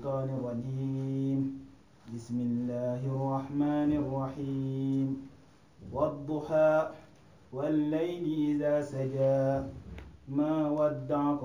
الشيطان الرجيم بسم الله الرحمن الرحيم والضحى والليل إذا سجى ما ودعك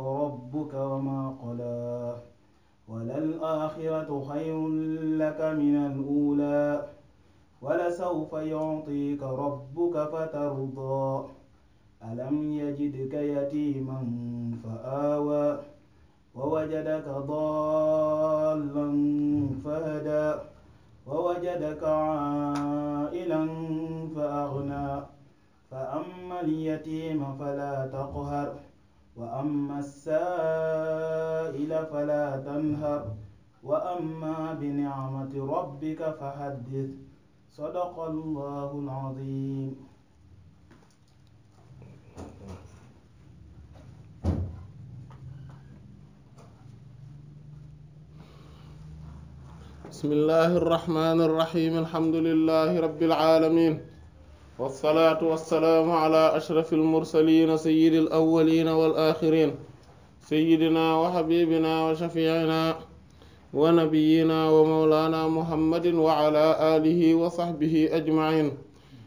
sadaqallaahu al-aziim bismillaahi rahmaani rahiim alhamdulillaahi rabbil aalamiin wassalaatu wassalaamu alaa ashrafil mursaliin sayyidil awwaliin wal aaxiriin sayyidinaa wa habiibinaa wa shafiicinaa wa nabiyyina wa mawlana muhammadin wa ala alihi wa sahbihi ajma'in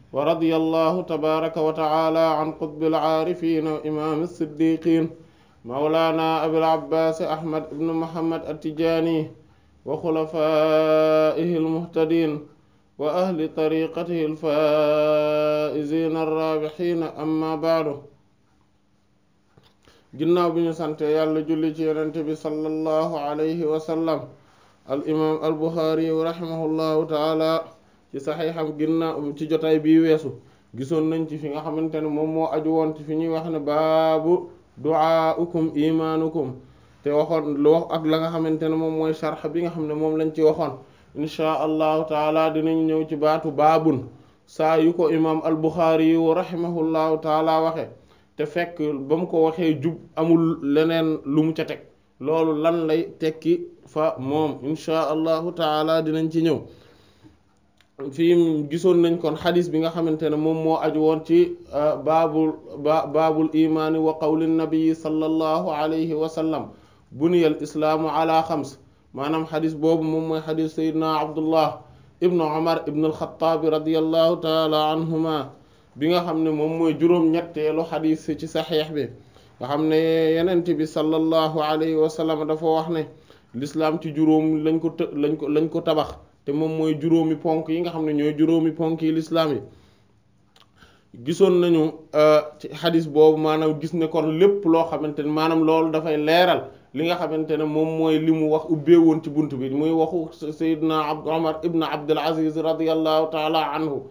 wa radiyallahu tabaraka wa ta'ala an qutbil aarifin wa imam as-siddiqin mawlana abil abbas ahmad ibn muhammad at-tijani wa khulafaihi al-muhtadin wa ahli tariqatihi al-faa'izin ar-raabihin amma ba'du ginnaaw bi ñu sante yàlla julli ci yonente bi sallallahu alayhi wa sallam al imaam al buxaari rahimahullahu taala ci saxiixam ginnaaw ci jotaay bii weesu gisoon nañ ci fi nga xamante ne moom moo aju woon ci fi ñuy wax ne baabu duaa ukum imaanukum te waxoon lu ak la nga xamante ne moom mooy sharx bi nga xam ne moom lañ ci waxoon inchaa allahu taala dinañ ñëw ci baatu baabun saa yu ko imaam al buxaari yu rahimahullahu taala waxe te fekk ba mu ko waxee jub amul leneen lu mu ca teg loolu lan lay tekki fa moom inchaa allahu taala dinañ ci ñëw fii gisoon nañ kon xadis bi nga xamante ne moom moo aju woon ci euh, baabul ba baabul imaani wa qawli nabii sallallahu alayhi wa sallam buniyal islaamu ala xams maanaam xadis boobu moom mooy xadis sayidna abdullah ibnu omar ibnu alxataabi radiallahu taala anhuma bi nga xam ne moom mooy juróom-ñetteelu xadis ci saxiix bi nga xam ne yenent bi sallallahu alayhi wa sallam dafa wax ne lislaam ci juróom lañ ko lañ ko lañ ko tabax te moom mooy juróomi ponk yi nga xam ne ñooy juróomi ponk yi lislaam yi gisoon nañu euh, ci xadis boobu maanaam gis ne kon lépp loo xamante ne maanaam loolu dafay leeral li nga xamante ne moom mooy li mu wax ubbee woon ci bunt bi muy waxu Seydina Abdou Omar Ibn Abdul Aziz radiyallahu taala anhu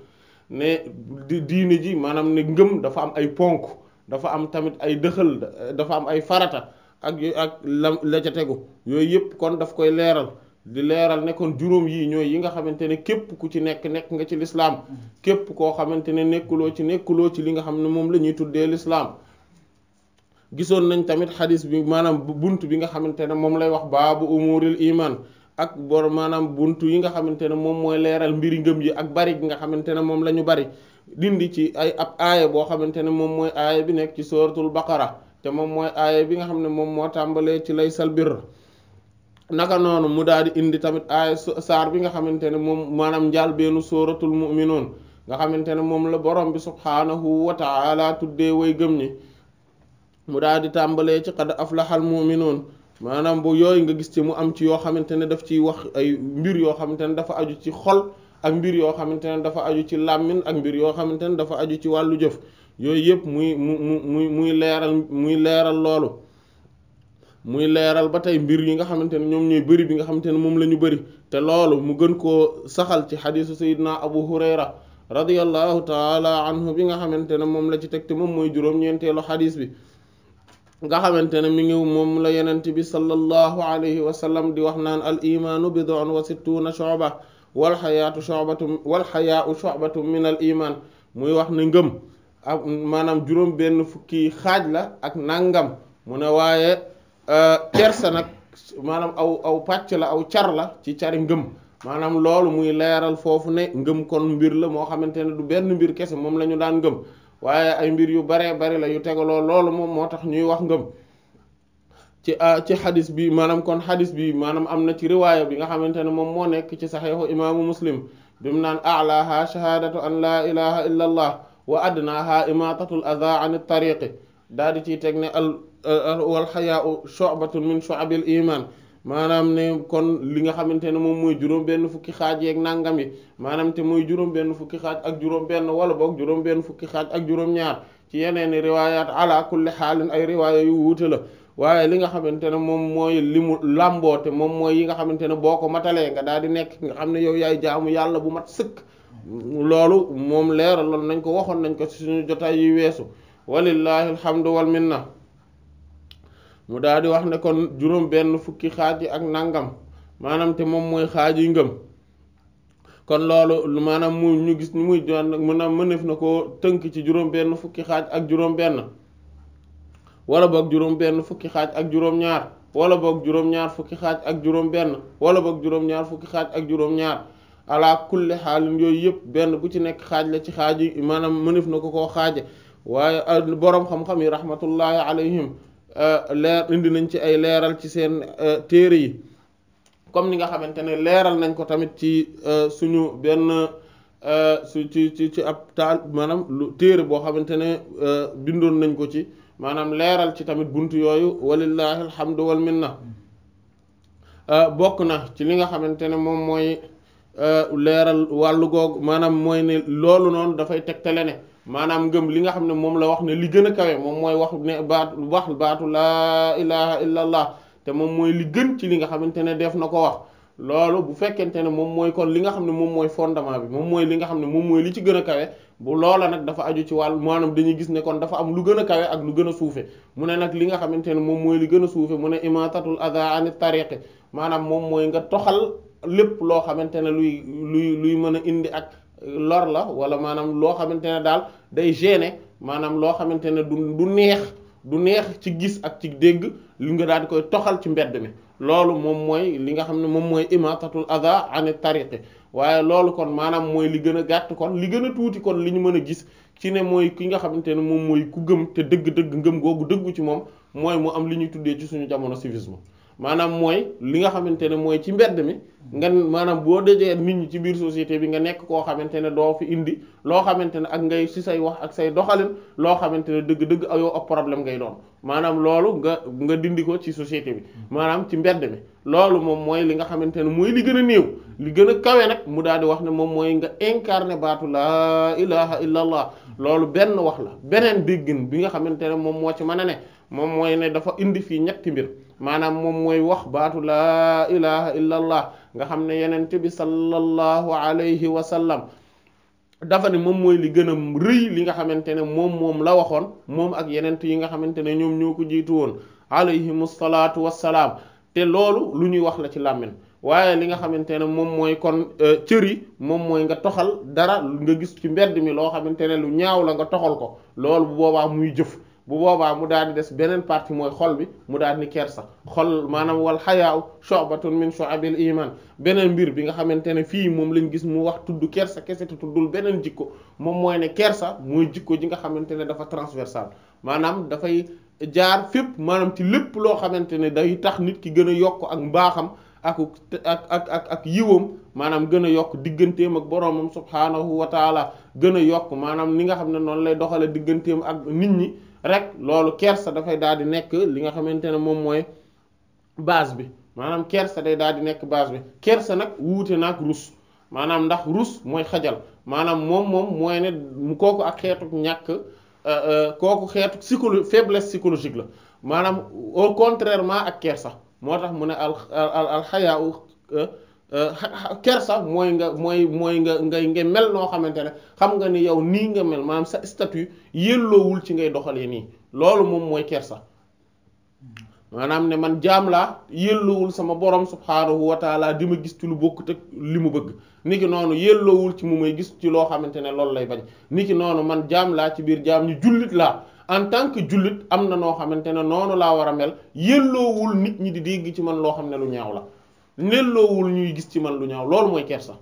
ne diine ji maanaam ne ngëm dafa am ay ponk dafa am tamit ay dëxal dafa am ay farata ak ak la la ca tegu yooyu yëpp kon daf koy leeral di leeral ne kon juróom yii ñooy yi nga xamante ne képp ku ci nekk nekk nga ci lislaam képp koo xamante ne nekkuloo ci nekkuloo ci li nga xam ne moom la ñuy tuddee lislaam gisoon nañ tamit xadis bi maanaam bu bunt bi nga xamante ne moom lay wax baabu umuril imaan ak bor maanaam bunt yi nga xamante ne moom mooy leeral mbiri ngëm yi ak bari gi nga xamante ne moom la ñu bari dindi ci ay ab aaya boo xamante ne moom mooy aaya bi nekk ci suratul baqara te moom mooy aaya bi nga xam ne moom moo tàmbalee ci lay salbir naka noonu mu daal di indi tamit aaya saar bi nga xamante ne moom maanaam njaal beenu suratul mu'minun nga xamante ne moom la borom bi subhaanahu wa taala tuddee way gëm ñi mu daal di tàmbalee ci qad aflahal noonu maanaam bu yooyu nga gis ci mu am ci yoo xamante ne daf ciy wax ay mbir yoo xamante ne dafa aju ci xol ak mbir yoo xamante ne dafa aju ci làmmiñ ak mbir yoo xamante ne dafa aju ci wàllu jëf yooyu yëpp muy mu mu muy muy leeral muy leeral loolu muy leeral ba tey mbir yi nga xamante ne ñoom ñooy bëri bi nga xamante ne moom la ñu bëri te loolu mu gën koo saxal ci xadisu sayidna abu hurayra radiallahu taala anhu bi nga xamante ne moom la ci teg moom mooy juróom-ñeenteelu xadis bi nga xamante ne mi ngi moom la yenent bi sallallahu alayhi wa sallam di wax naan al imaanu bid'un wa na shu'ba wal xayaatu shu'batun wal xayaatu shu'batun minal iman muy wax ne ngëm ak maanaam juróom benn fukki xaaj la ak nangam mu ne waaye euh, kersa nag maanaam aw aw pàcc la aw car la ci cari ngëm maanaam loolu muy leeral foofu ne ngëm kon mbir la moo xamante ne du benn mbir kese moom la ñu daan ngëm waaye ay mbir yu baree bari la yu tegaloo loolu moom moo tax ñuy wax ngëm ci ah, ci xadis bi maanaam kon xadis bi maanaam am na ci riwaaya bi nga xamante ne moom moo nekk ci saxeexu imaamu muslim bi mu naan alaaha shahaadatu an laa ilaha illa allah wa adnaaha imaatatul aza an tariqi daal di ciy teg ne al walxayaau shobatun min shoabil iman maanaam ne kon li nga xamante ne moom mooy juróom benn fukki xaaj yeeg nangam yi maanaam te mooy juróom benn fukki xaaj ak juróom benn wala boog juróom benn fukki xaaj ak juróom ñaar ci yeneen riwaayaat ala kulli xaalin ay riwaaya yu wuute la waaye li nga xamante ne moom mooy li mu làmboote moom mooy yi nga xamante ne boo ko matalee nga daal di nekk nga xam ne yow yaay jaamu yàlla bu mat sëkk loolu moom leeral la nañ ko waxoon nañ ko ci suñu jotaay yi weesu walillahi alhamdu wal minna mu daal wax ne kon juróom benn fukki xaaj yi ak nangam maanaam te moom mooy xaaj yi ngëm kon loolu maanaam mu ñu gis ni muy doon mën a mënef na ko tënk ci juróom benn fukki xaaj ak juróom benn wala boog juróom-benn fukki xaaj ak juróom-ñaar wala boog juróom-ñaar fukki xaaj ak juróom-benn wala boog juróom-ñaar fukki xaaj ak juróom-ñaar ala kulli xaalin yooyu yëpp benn bu ci nekk xaaj la ci xaaj yi maanaam mënef na ko koo xaaje waaye ah, boroom xam-xam yi rahmatullahi alayhim ah, leer indi nañ ci ay leeral ci seen ah, téere yi comme ni nga xamante ne leeral nañ ko tamit ci suñu benn su ci ci ci ab taal maanaam lu téere boo xamante ne bindoon nañ ko ci maanaam leeral ci tamit bunt yooyu walillahi alhamdu wal minna euh, bokk na ci li nga xamante ne moom mooy euh, leeral wàllu googu maanaam mooy ne loolu noonu dafay tegtale ne maanaam ngëm li nga xam ne moom la wax ne li gën a kawe moom mooy wax ne baat wax baatu laa ilaha illa allah te moom mooy li gën ci li nga xamante ne def na ko wax loolu bu fekkente ne moom mooy kon li nga xam ne moom mooy fondement bi moom mooy li nga xam ne moom mooy li ci gën a kawe bu loola nag dafa aju ci wàll maanaam dañuy gis ne kon dafa am lu gën a kawe ak lu gën a suufe mu ne nag li nga xamante ne moom mooy li gën suufe mu ne imatatul adha ani maanaam moom mooy nga toxal lépp loo xamante ne luy luy luy mën a indi ak lor la wala maanaam loo xamante ne daal day gêner maanaam loo xamante ne du du neex du neex ci gis ak ci dégg li nga daal di koy toxal ci mbedd mi loolu moom mooy li nga xam ne moom mooy imatatul adha ani tariqi waaye loolu kon maanaam mooy li gën a gàtt kon li gën a tuuti kon li ñu mën a gis ci ne mooy ki nga xamante ne moom mooy ku gëm te dëgg-dëgg ngëm googu dëggu ci moom mooy mu am li ñuy tuddee ci suñu jamono civisme maanaam mooy li nga xamante ne mooy ci mbedd mi nga maanaam boo dajee nit ci biir société bi nga nekk koo xamante ne doo fi indi loo xamante ne ak ngay si say wax ak say doxalin loo xamante ne dëgg-dëgg problème ngay doon maanaam loolu nga nga dindi ko ci société bi maanaam ci mbedd mi loolu moom mooy li nga xamante ne mooy li gën a néew li gën a kawe nag mu daal di wax ne moom mooy nga incarné baatu laa ilaha illa loolu benn wax la beneen déggin bi nga xamante ne moom moo ci mën a ne moom mooy ne dafa indi fii ñetti mbir maanaam moom mooy wax baatu laa ilaha illa nga xam ne yenente bi sallallahu alayhi wa sallam dafa ne moom mooy li gën a rëy li nga xamante ne moom moom la waxoon moom ak yenent yi nga xamante ne ñoom ñoo ko jiitu woon alayhim salaatu wassalaam te loolu lu ñuy wax la ci làmmiñ waaye li nga xamante ne moom mooy kon euh, cër yi moom mooy nga toxal dara nga gis ci mbedd mi loo xamante ne lu ñaaw la nga toxal ko loolu bu boobaa muy jëf bu boobaa mu daal di des beneen partie mooy xol bi mu daal di kersa xol maanaam wal xayaaw shu'batun min shu'abil iman beneen mbir bi nga xamante ne fii moom lañ gis mu wax tudd kersa kese te tuddul beneen jikko moom mooy ne kersa mooy jikko ji nga xamante ne dafa transversal maanaam dafay jaar fépp maanaam ci lépp loo xamante ne day tax nit ki gën a yokk ak mbaaxam ak ak ak ak ak yiwam maanaam gën a yokk digganteem ak boroomam subhaanahu wa taala gën a yokk maanaam li nga xam ne noonu lay doxale digganteem ak nit ñi rek loolu kersa dafay daal di nekk li nga xamante ne moom mooy base bi maanaam kersa day daal di nekk base bi kersa nag wuute nag rus maanaam ndax rus mooy xajal maanaam moom moom mooy ne mu kooku ak xeetu ñàkk euh, euh, kooku xeetu psycholo faiblesse psychologique la maanaam au contrairement ak kersa moo tax mu ne al al al xayaa euh, Euh, kersa mooy nga mooy mooy nga ngay nga mel noo xamante ne xam nga ni yow nii nga mel maanaam sa statut yelloowul ci ngay doxalee nii loolu moom mooy kersa maanaam ne man jaam laa yelloowul sama borom subhaanahu wa taala di ma gis ci lu bokkut ak li mu bëgg niki noonu yelloowul ci mu may gis ci loo xamante ne loolu lay bañ niki noonu man jaam laa ci biir jaam ñu jullit laa en tant que jullit am na noo xamante ne noonu laa war a mel yelloowul nit ñi di dégg ci man loo xam ne lu ñaaw la. nelloowul ñuy gis ci man lu ñaaw loolu mooy kersa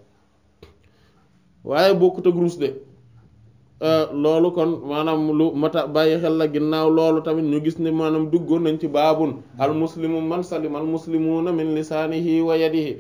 waaye bokkut ak ruus de euh, loolu kon maanaam lu mata bàyyi xel la ginnaaw loolu tamit ñu gis ne maanaam duggoon nañ ci baabun al muslimu man salima al muslimuna min lisaanihi wa yadihi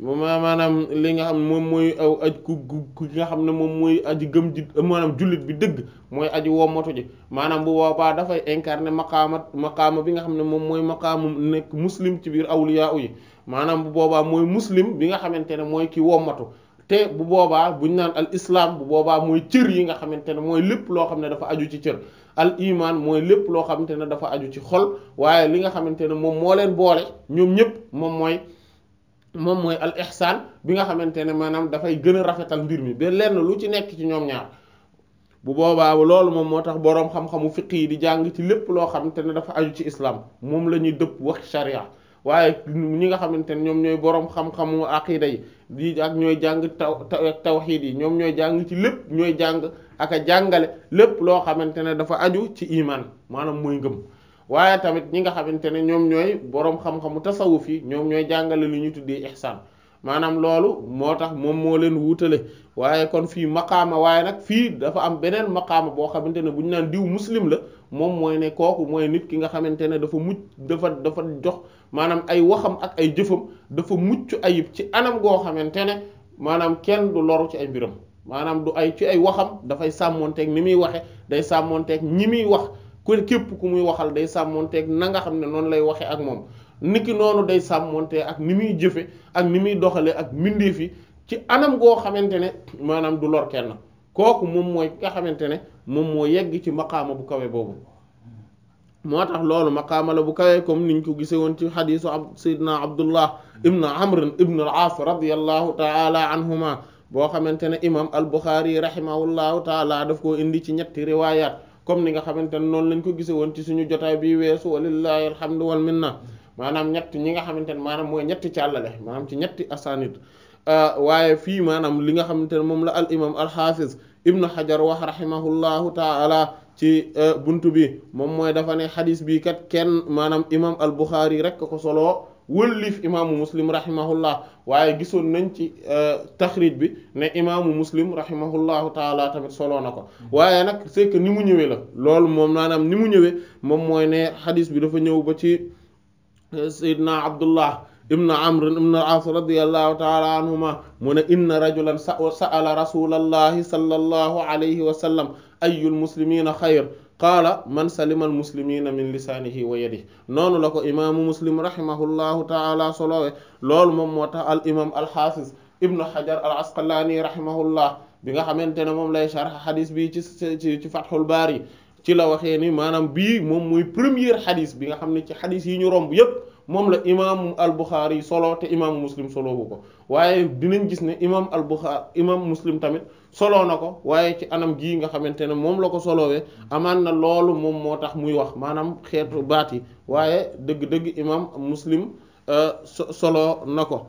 maanaam li nga xam moom mooy aw aj ku ku nga xam ne moom mooy aji gëm ji maanaam jullit bi dëgg mooy aji wommatu ji maanaam bu boobaa dafay incarner maqaama maqaama bi nga xam ne moom mooy maqaamu nekk muslim ci biir awliyaa yi maanaam bu boobaa mooy muslim bi nga xamante ne mooy kii wommatu te bu boobaa buñ naan al islaam bu boobaa mooy cër yi nga xamante ne mooy lépp loo xam ne dafa aju ci al iman mooy lépp loo xamante ne dafa aju ci xol waaye li nga xamante ne moom moo leen boole ñoom ñëpp moom mooy moom mooy al ihsan bi nga xamante ne maanaam dafay gën a rafetal mbir mi ba lenn lu ci nekk ci ñoom ñaar bu boobaa loolu moom moo tax boroom xam-xamu fiq yi di jàng ci lépp loo xamante ne dafa aju ci islaam moom la ñuy dëpp wax sharia waaye ñi nga xamante ne ñoom ñooy borom xam-xamu aqida yi di ak ñooy jàng taw tawxiid yi ñoom ñooy jàng ci lépp ñooy jàng ak a jàngale lépp loo xamante ne dafa aju ci imaan maanaam mooy ngëm waaye tamit ñi nga xamante ne ñoom ñooy borom xam-xamu tasawuf yi ñoom ñooy jàngale li ñu tuddee ihsaan maanaam loolu moo tax moom moo leen wuutale waaye kon fii maqaama waaye nag fii dafa am beneen maqaama boo xamante ne bu ñu naan diw muslim la moom mooy ne kooku mooy nit ki nga xamante ne dafa mucc dafa dafa jox maanaam ay waxam ak ay jëfam dafa mucc ayib ci anam goo xamante ne maanaam kenn du loru ci ay mbiram maanaam du ay ci ay waxam dafay sàmmonteeg ni muy waxe day sàmmonteeg ñi muy wax ku képp ku muy waxal day sàmmonteeg na nga xam ne noonu lay waxe ak moom niki noonu day sàmmonte ak ni muy jëfe ak ni muy doxale ak mbindeef yi ci anam goo xamante ne maanaam du lor kenn kooku moom mooy ki nga xamante ne moom moo yegg ci maqaama bu kawe boobu moo tax loolu maqaama la bu kawee comme niñ ko gisee woon ci xadiisu ab saydna abdullah ibn amr ibn al-aas radiallahu taala anhuma boo xamante ne imam al-Bukhari rahimahullahu taala def koo indi ci ñetti riwayat comme ni nga xamante ne noonu lañ ko gisee woon ci suñu jotaa bi weesu walillahi alhamdu wal minna maanaam ñett ñi nga xamante ne maanaam mooy ñetti càllale maanaam ci ñetti asanid waaye fii maanaam li nga xamante ne moom la al imam ibnu xajar wax rahimahullahu taala ci e, bunt bi moom mooy dafa ne xadis bii kat kenn maanaam imam al buxaari rek ko solo wëllif imaamu muslim rahimahullah waaye gisoon nañ ci e, taxrij bi ne imaamu muslim rahimahullahu taala tamit solo na ko waaye nag c'est ni mu ñëwee la loolu moom maanaam ni mu ñëwee moom mooy ne xadis bi dafa ñëw ba ci e, sayyidna abdullah ibn amr ibn al-as radiyallahu taala anhuma mu ne inna rajulan sa'ala rasulallahi sallallahu alayhi wa sallam ayyul muslimina xayr qaala man salima al muslimina min lisaanihi wa yadihi noonu la ko imaamu muslim rahimahullahu taala solowee loolu moom moo tax al imam alxaafis ibnu xajar al asqalaani rahimahullah bi nga xamante ne moom lay sharx xadis bi ci ci ci fathul baari ci la waxee ni maanaam bii moom muy première xadis bi nga xam ne ci xadis yi ñu romb yépp moom la imaamu al-Bukhari yi solo te imaamu muslim solo bu ko waaye dinañ gis ne imaam al-Bukhari imaam muslim tamit solo na ko waaye ci anam gii nga xamante ne moom la ko solowee amaan na loolu moom moo tax muy wax maanaam xeetu baat yi waaye dëgg-dëgg imaam muslim euh, solo na ko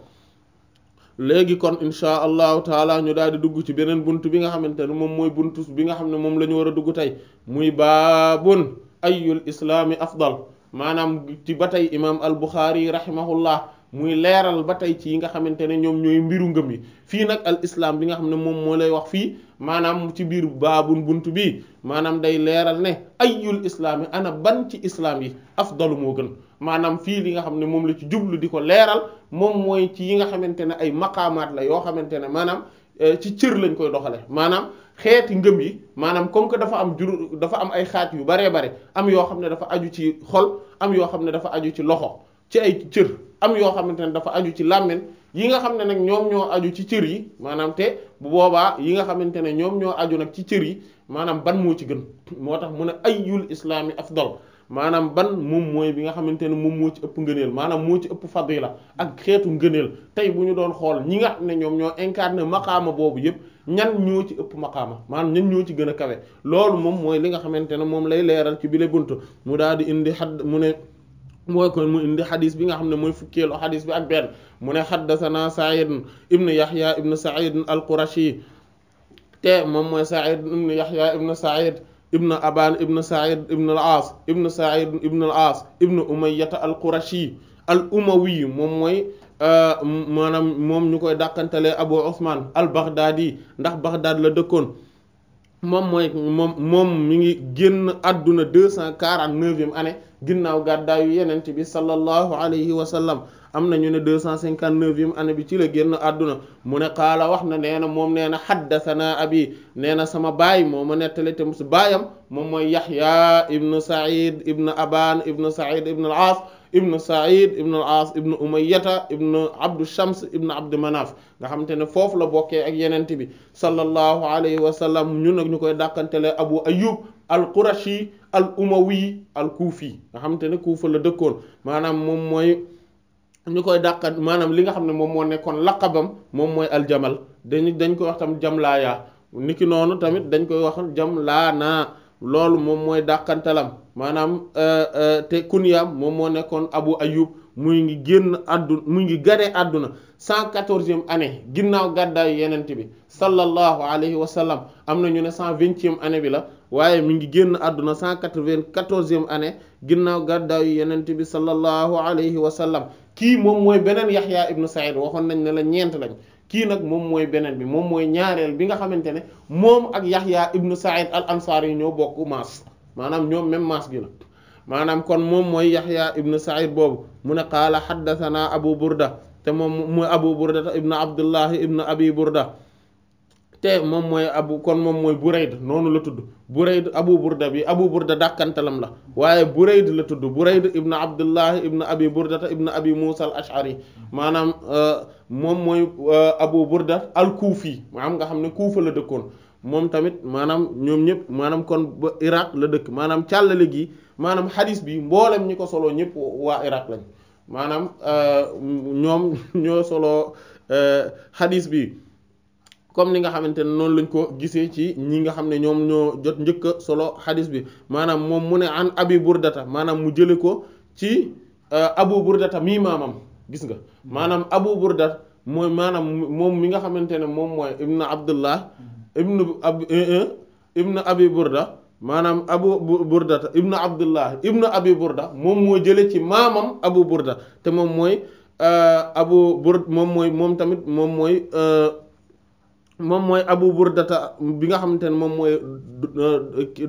léegi kon insha allahu taala ñu daal di dugg ci beneen bunt bi nga xamante ne moom mooy bunt bi nga xam ne moom lañu war a dugg tey muy baabun ayul islaami afdal maanaam ci ba tey imaam al-Bukhari rahimahullah muy leeral ba tey ci yi nga xamante ne ñoom ñooy mbiru ngëm yi fii nag al islaam bi nga xam ne moom moo lay wax fii maanaam ci biir baabun bunt bi maanaam day leeral ne ayul islaam yi ana ban ci islaam yi afdalu moo gën maanaam fii li nga xam ne moom la ci jublu di ko leeral moom mooy ci yi nga xamante ne ay maqaamaat la yoo xamante ne maanaam eh, ci cër lañ koy doxale maanaam xeeti ngëm yi maanaam comme que dafa am jur dafa am ay xaaj yu baree bare am yoo xam ne dafa aju ci xol am yoo xam ne dafa aju ci loxo ci cër am yoo xamante ne dafa aju ci làmmiñ yi nga xam ne nag ñoom ñoo aju ci cër yi maanaam te bu boobaa yi nga xamante ne ñoom ñoo aju nag ci cër yi maanaam ban moo ci gën moo tax mu ne ayyul islaami afdal maanaam ban moom mooy bi nga xamante ne moom moo ci ëpp ngëneel maanaam moo ci ëpp fadila ak xeetu ngëneel tey bu ñu doon xool ñi nga xam ne ñoom ñoo incarné maxaama boobu yépp ñan ñoo ci ëpp maqaama maa ñan ñoo ci gën a kawe loolu moom mooy li nga xamante ne moom lay leeral ci bile buntu mu daal di indi xadd mu ne mu kon mu indi xadis bi nga xam ne mooy fukkeelu xadis bi ak benn mu ne xaddasana Saïd ibn Yahya ibn Saïd al-Qurashi te moom mooy Saïd ibn Yahya ibn Saïd ibn Aban ibn Saïd ibn al-As al al-Qurashi al-Umawi moom mooy Euh, maanaam moom ñu koy dàqantalee Abu Osman al-Baghdadi ndax Baghdad la dëkkoon moom mooy moom moom mi ngi génn àdduna deux cent quarante-neuvième année ginnaaw gàddaayu yenent bi sallallahu alayhi wa sallam am na ñu ne deux cent cinquante-neuvième année bi ci la génn àdduna mu ne xaala wax na nee na moom nee na xaddasanaa abi nee na sama baay moo ma nettali te baayam moom mooy Yaxya ibnu Saïd ibnu Aban ibnu Saïd ibnu al-As ibnu Saïd ibnu al-As ibnu Umayyata ibnu Abdu Shams ibnu Abdu Manaf nga xam te ne foofu la bokkee ak yenente bi sallallahu alayhi wa sallam ñun nag ñu koy dàqantele Abu Ayyub al-Qurashi al-Umawi al-Kufi nga xam te ne Kufa la dëkkoon maanaam moom mooy ñu koy dàqan maanaam li nga xam ne moom moo nekkoon laqabam moom mooy aljamal dañu dañ koy wax tam jamlaaya niki noonu tamit dañ koy wax jam laa naa loolu moom mooy dàqantalam maanaam euh, euh, te kunyaam moom moo nekkoon Abu Ayyub muy ngi génn àdduna muy ngi gane àdduna cent quatorzième année ginnaaw gàddaayu yenente bi sallallahu alayhi wa sallam am na ñu ne cent vingtième année bi la waaye mi ngi génn àdduna cent quatre-vingt-quatorzième année ginnaaw gàddaayu yenente bi sallallahu alayhi wa sallam kii moom mooy beneen Yaxya ibnu Sa'id waxoon nañ ne la ñeent lañ kii nag moom mooy beneen bi moom mooy ñaareel bi nga xamante ne moom ak Yaxya ibnu Sa'id al Ansari yi bokk maas maanaam ñoom même maas gi la maanaam kon moom mooy yaxya ibnu said boobu mu ne qaala xaddathana abu burda te moom mooy abu burda ibnu abdullahi ibnu abi burda te moom mooy abu kon moom mooy burayd noonu la tudd burayd abu burda bi abu burda dàkkantalam la waaye burayd la tudd burayd ibnu abdullahi ibnu abi burda ibnu abi musa al ashari maanaam euh, moom mooy euh, abu burda al kuufi maanaam nga xam ne kuufa la dëkkoon moom tamit maanaam ñoom ñëpp maanaam kon ba Irak la dëkk maanaam càllale gi maanaam xadis bi mboolem ñi ko soloo ñëpp waa Irak lañ maanaam euh, ñoom ñoo soloo euh, xadis bi comme ni nga xamante ne noonu lañ ko gisee ci ñi nga xam ne ñoom ñoo jot njëkka solo xadis bi maanaam moom mu ne an abi burdata maanaam mu jële ko ci euh, abu burdata mii maamam gis nga maanaam abu burdat mooy maanaam moom mi nga xamante ne moom mooy ibnu abdullah ibnu ab eh, eh, ibnu abi burda maanaam abu burdata ibnu abdullah ibnu abi burda moom moo jële ci maamam abu burda te moom mooy eh, abu moom mooy moom tamit moom mooy moom mooy abu burdata bi nga xamante ne moom mooy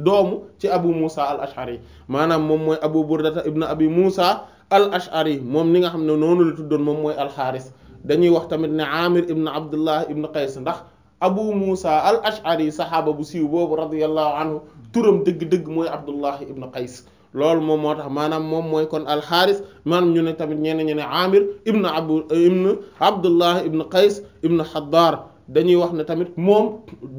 doomu ci abu musa al ashari maanaam moom mooy abu burdata ibnu abi musa al ashari moom ni nga xam ne noonu la tuddoon moom mooy alxaaris dañuy wax tamit ne amir ibnu abdullah ibnu qays ndax abu musa al ashari saxaaba bu siiw boobu radiyallahu anhu turam dëgg-dëgg mooy abdullahi ibn qays loolu moom moo tax maanaam moom mooy kon alxaaris maanaam ñu ne tamit ñenn ñu ne amir ibn abu ibn abdullahi ibn qays ibn xaddaar dañuy wax ne tamit moom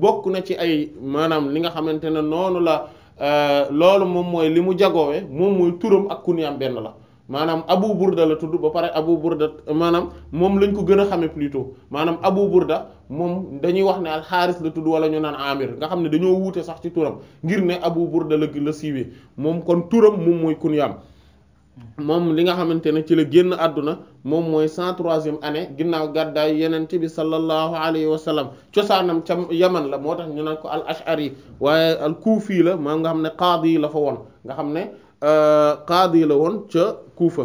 bokk na ci ay maanaam li nga xamante ne noonu la euh, loolu moom mooy li mu jagoowe moom mooy turam ak kuniyam benn la maanaam Abu Burda la tudd ba pare Abu Burda maanaam moom lañ ko gën a xamee plutôt maanaam Abu Burda moom dañuy wax ne alxaaris la tudd wala ñu naan Amir nga xam ne dañoo wuute sax ci turam ngir ne Abu Burda la la siiwee moom kon turam moom mooy kunyaam moom li nga xamante ne ci la génn àdduna moom mooy cent troisième année ginnaaw gàddaay yeneen bi sallallahu alayhi wa sallam cosaanam ca yaman la moo tax ñu naan ko al ashari waaye al kuufi la maa nga xam ne qaadi la fa woon nga xam ne Euh, qaadi la woon ca Kuufa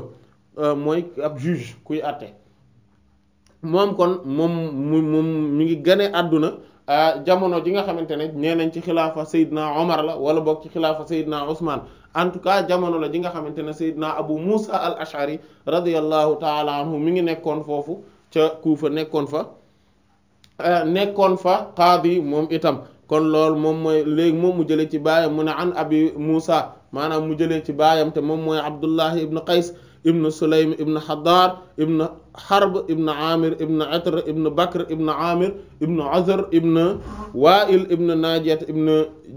euh, mooy ab juge kuy àtte moom kon moom mu moom mu ngi gane àdduna euh, jamono ji nga xamante ne nee nañ ci xilaafa Seydina Omar la wala boog ci xilaafa Seydina Ousmane en tout cas jamono la ji nga xamante ne Seydina Abu Musa al Ashari radiyallahu taala anhu mi ngi nekkoon foofu ca Kuufa nekkoon fa nekkoon fa qaadi moom itam kon loolu moom mooy léegi moom mu jëlee ci baayam mu ne an abi Musa maanaam mu jëlee ci baayam te moom mooy abdullahi ibnu qays ibnu sulaym ibnu xaddaar ibnu Harb ibn Amir ibn Atr ibn Bakr ibn Amir ibn Azar ibn Wa'il ibn Najat ibn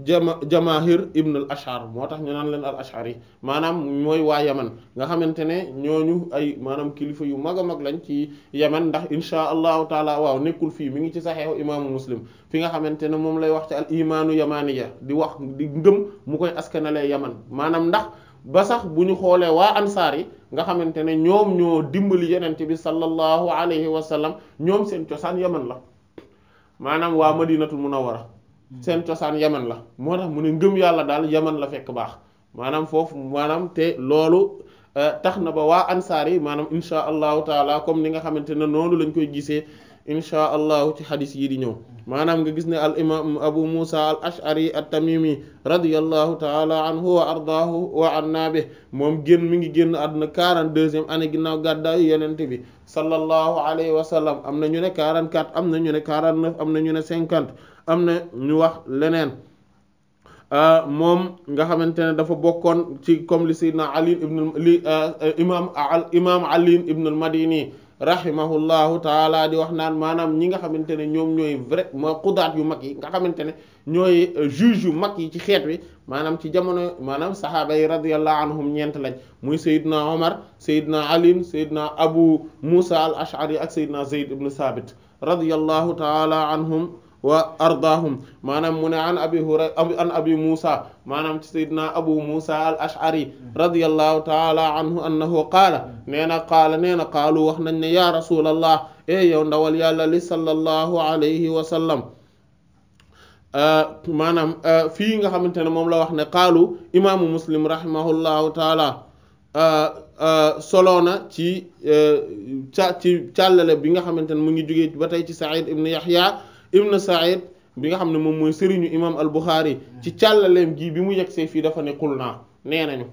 Jama Jamahir ibn al-Ash'ar moo tax ñu naan leen al-Ash'ari maanaam mooy waa Yaman nga xamante ne ñooñu ay maanaam kilifa yu mag a mag lañ ci Yaman ndax insha allahu taala waaw nekkul fii mi ngi ci saxeexu imaamu Muslim fi nga xamante ne moom lay wax ci al imaanu yamaniya di wax di ngëm mu koy askanalee Yaman maanaam ndax ba sax bu ñu xoolee waa ansaar nga xamante ne ñoom ñoo dimbali yenente bi sallallahu alayhi wa sallam ñoom seen cosaan yaman la maanaam waa ma diinatul mun madinatul munawwara seen cosaan yaman la moo tax mu ne ngëm yàlla daal yaman la fekk baax maanaam foofu maanaam te loolu eh, tax na ba waa ansaar yi maanaam insha allahu taala comme ni nga xamante ne noonu lañ koy gisee inchaa allahu ci xadis yi di ñëw maanaam nga gis ne al imam abu musa al ashari at tamimi radiallahu taala anhu wa ardaahu wa anna bi moom génn mi ngi génn àdduna quarante deuxième année ginnaaw gàddaayu yenente bi sallallahu alayhi wa sallam am na ñu ne quarante quatre am na ñu ne quarante neuf am na ñu ne cinquante am na ñu wax leneen euh, moom nga xamante ne dafa bokkoon ci comme li sayyidina ali ibn li euh, imam madini rahimahullahu taala di wax naan maanaam ñi nga xamante ne ñoom ñooy vrai ma xudaat yu mag yi nga xamante ne ñooy euh, juge yu mag yi ci xeet wi maanaam ci jamono maanaam sahaaba yi radiallahu anhum ñeent lañ muy sayidna omar sayidna ali na abu musa al ashari ak sayidna zayd ibn sabit radiallahu taala anhum wa ardaahum maanaam mu ne an abi hurayra abi musa maanaam ci sayyidina abu musa al ash'ari radiyallahu taala anhu annahu qaala nee na qaala nee na qaalu wax nañ ne ya rasulallah e eh, yow ndawal yàlla li sallallahu alayhi wa sallam eh, maanaam eh, nga xamante ne moom la wax ne qaalu imaamu muslim rahimahullahu taala soloona ci ca ci càllale bi nga xamante ne mu ngi jógee ba tey ci sa'id ibn yahya ibn Sa'id bi nga xam ne moom mooy sëriñu imam al-Bukhari ci càllaleem gii bi mu yegsee fii dafa ne naa nee nañu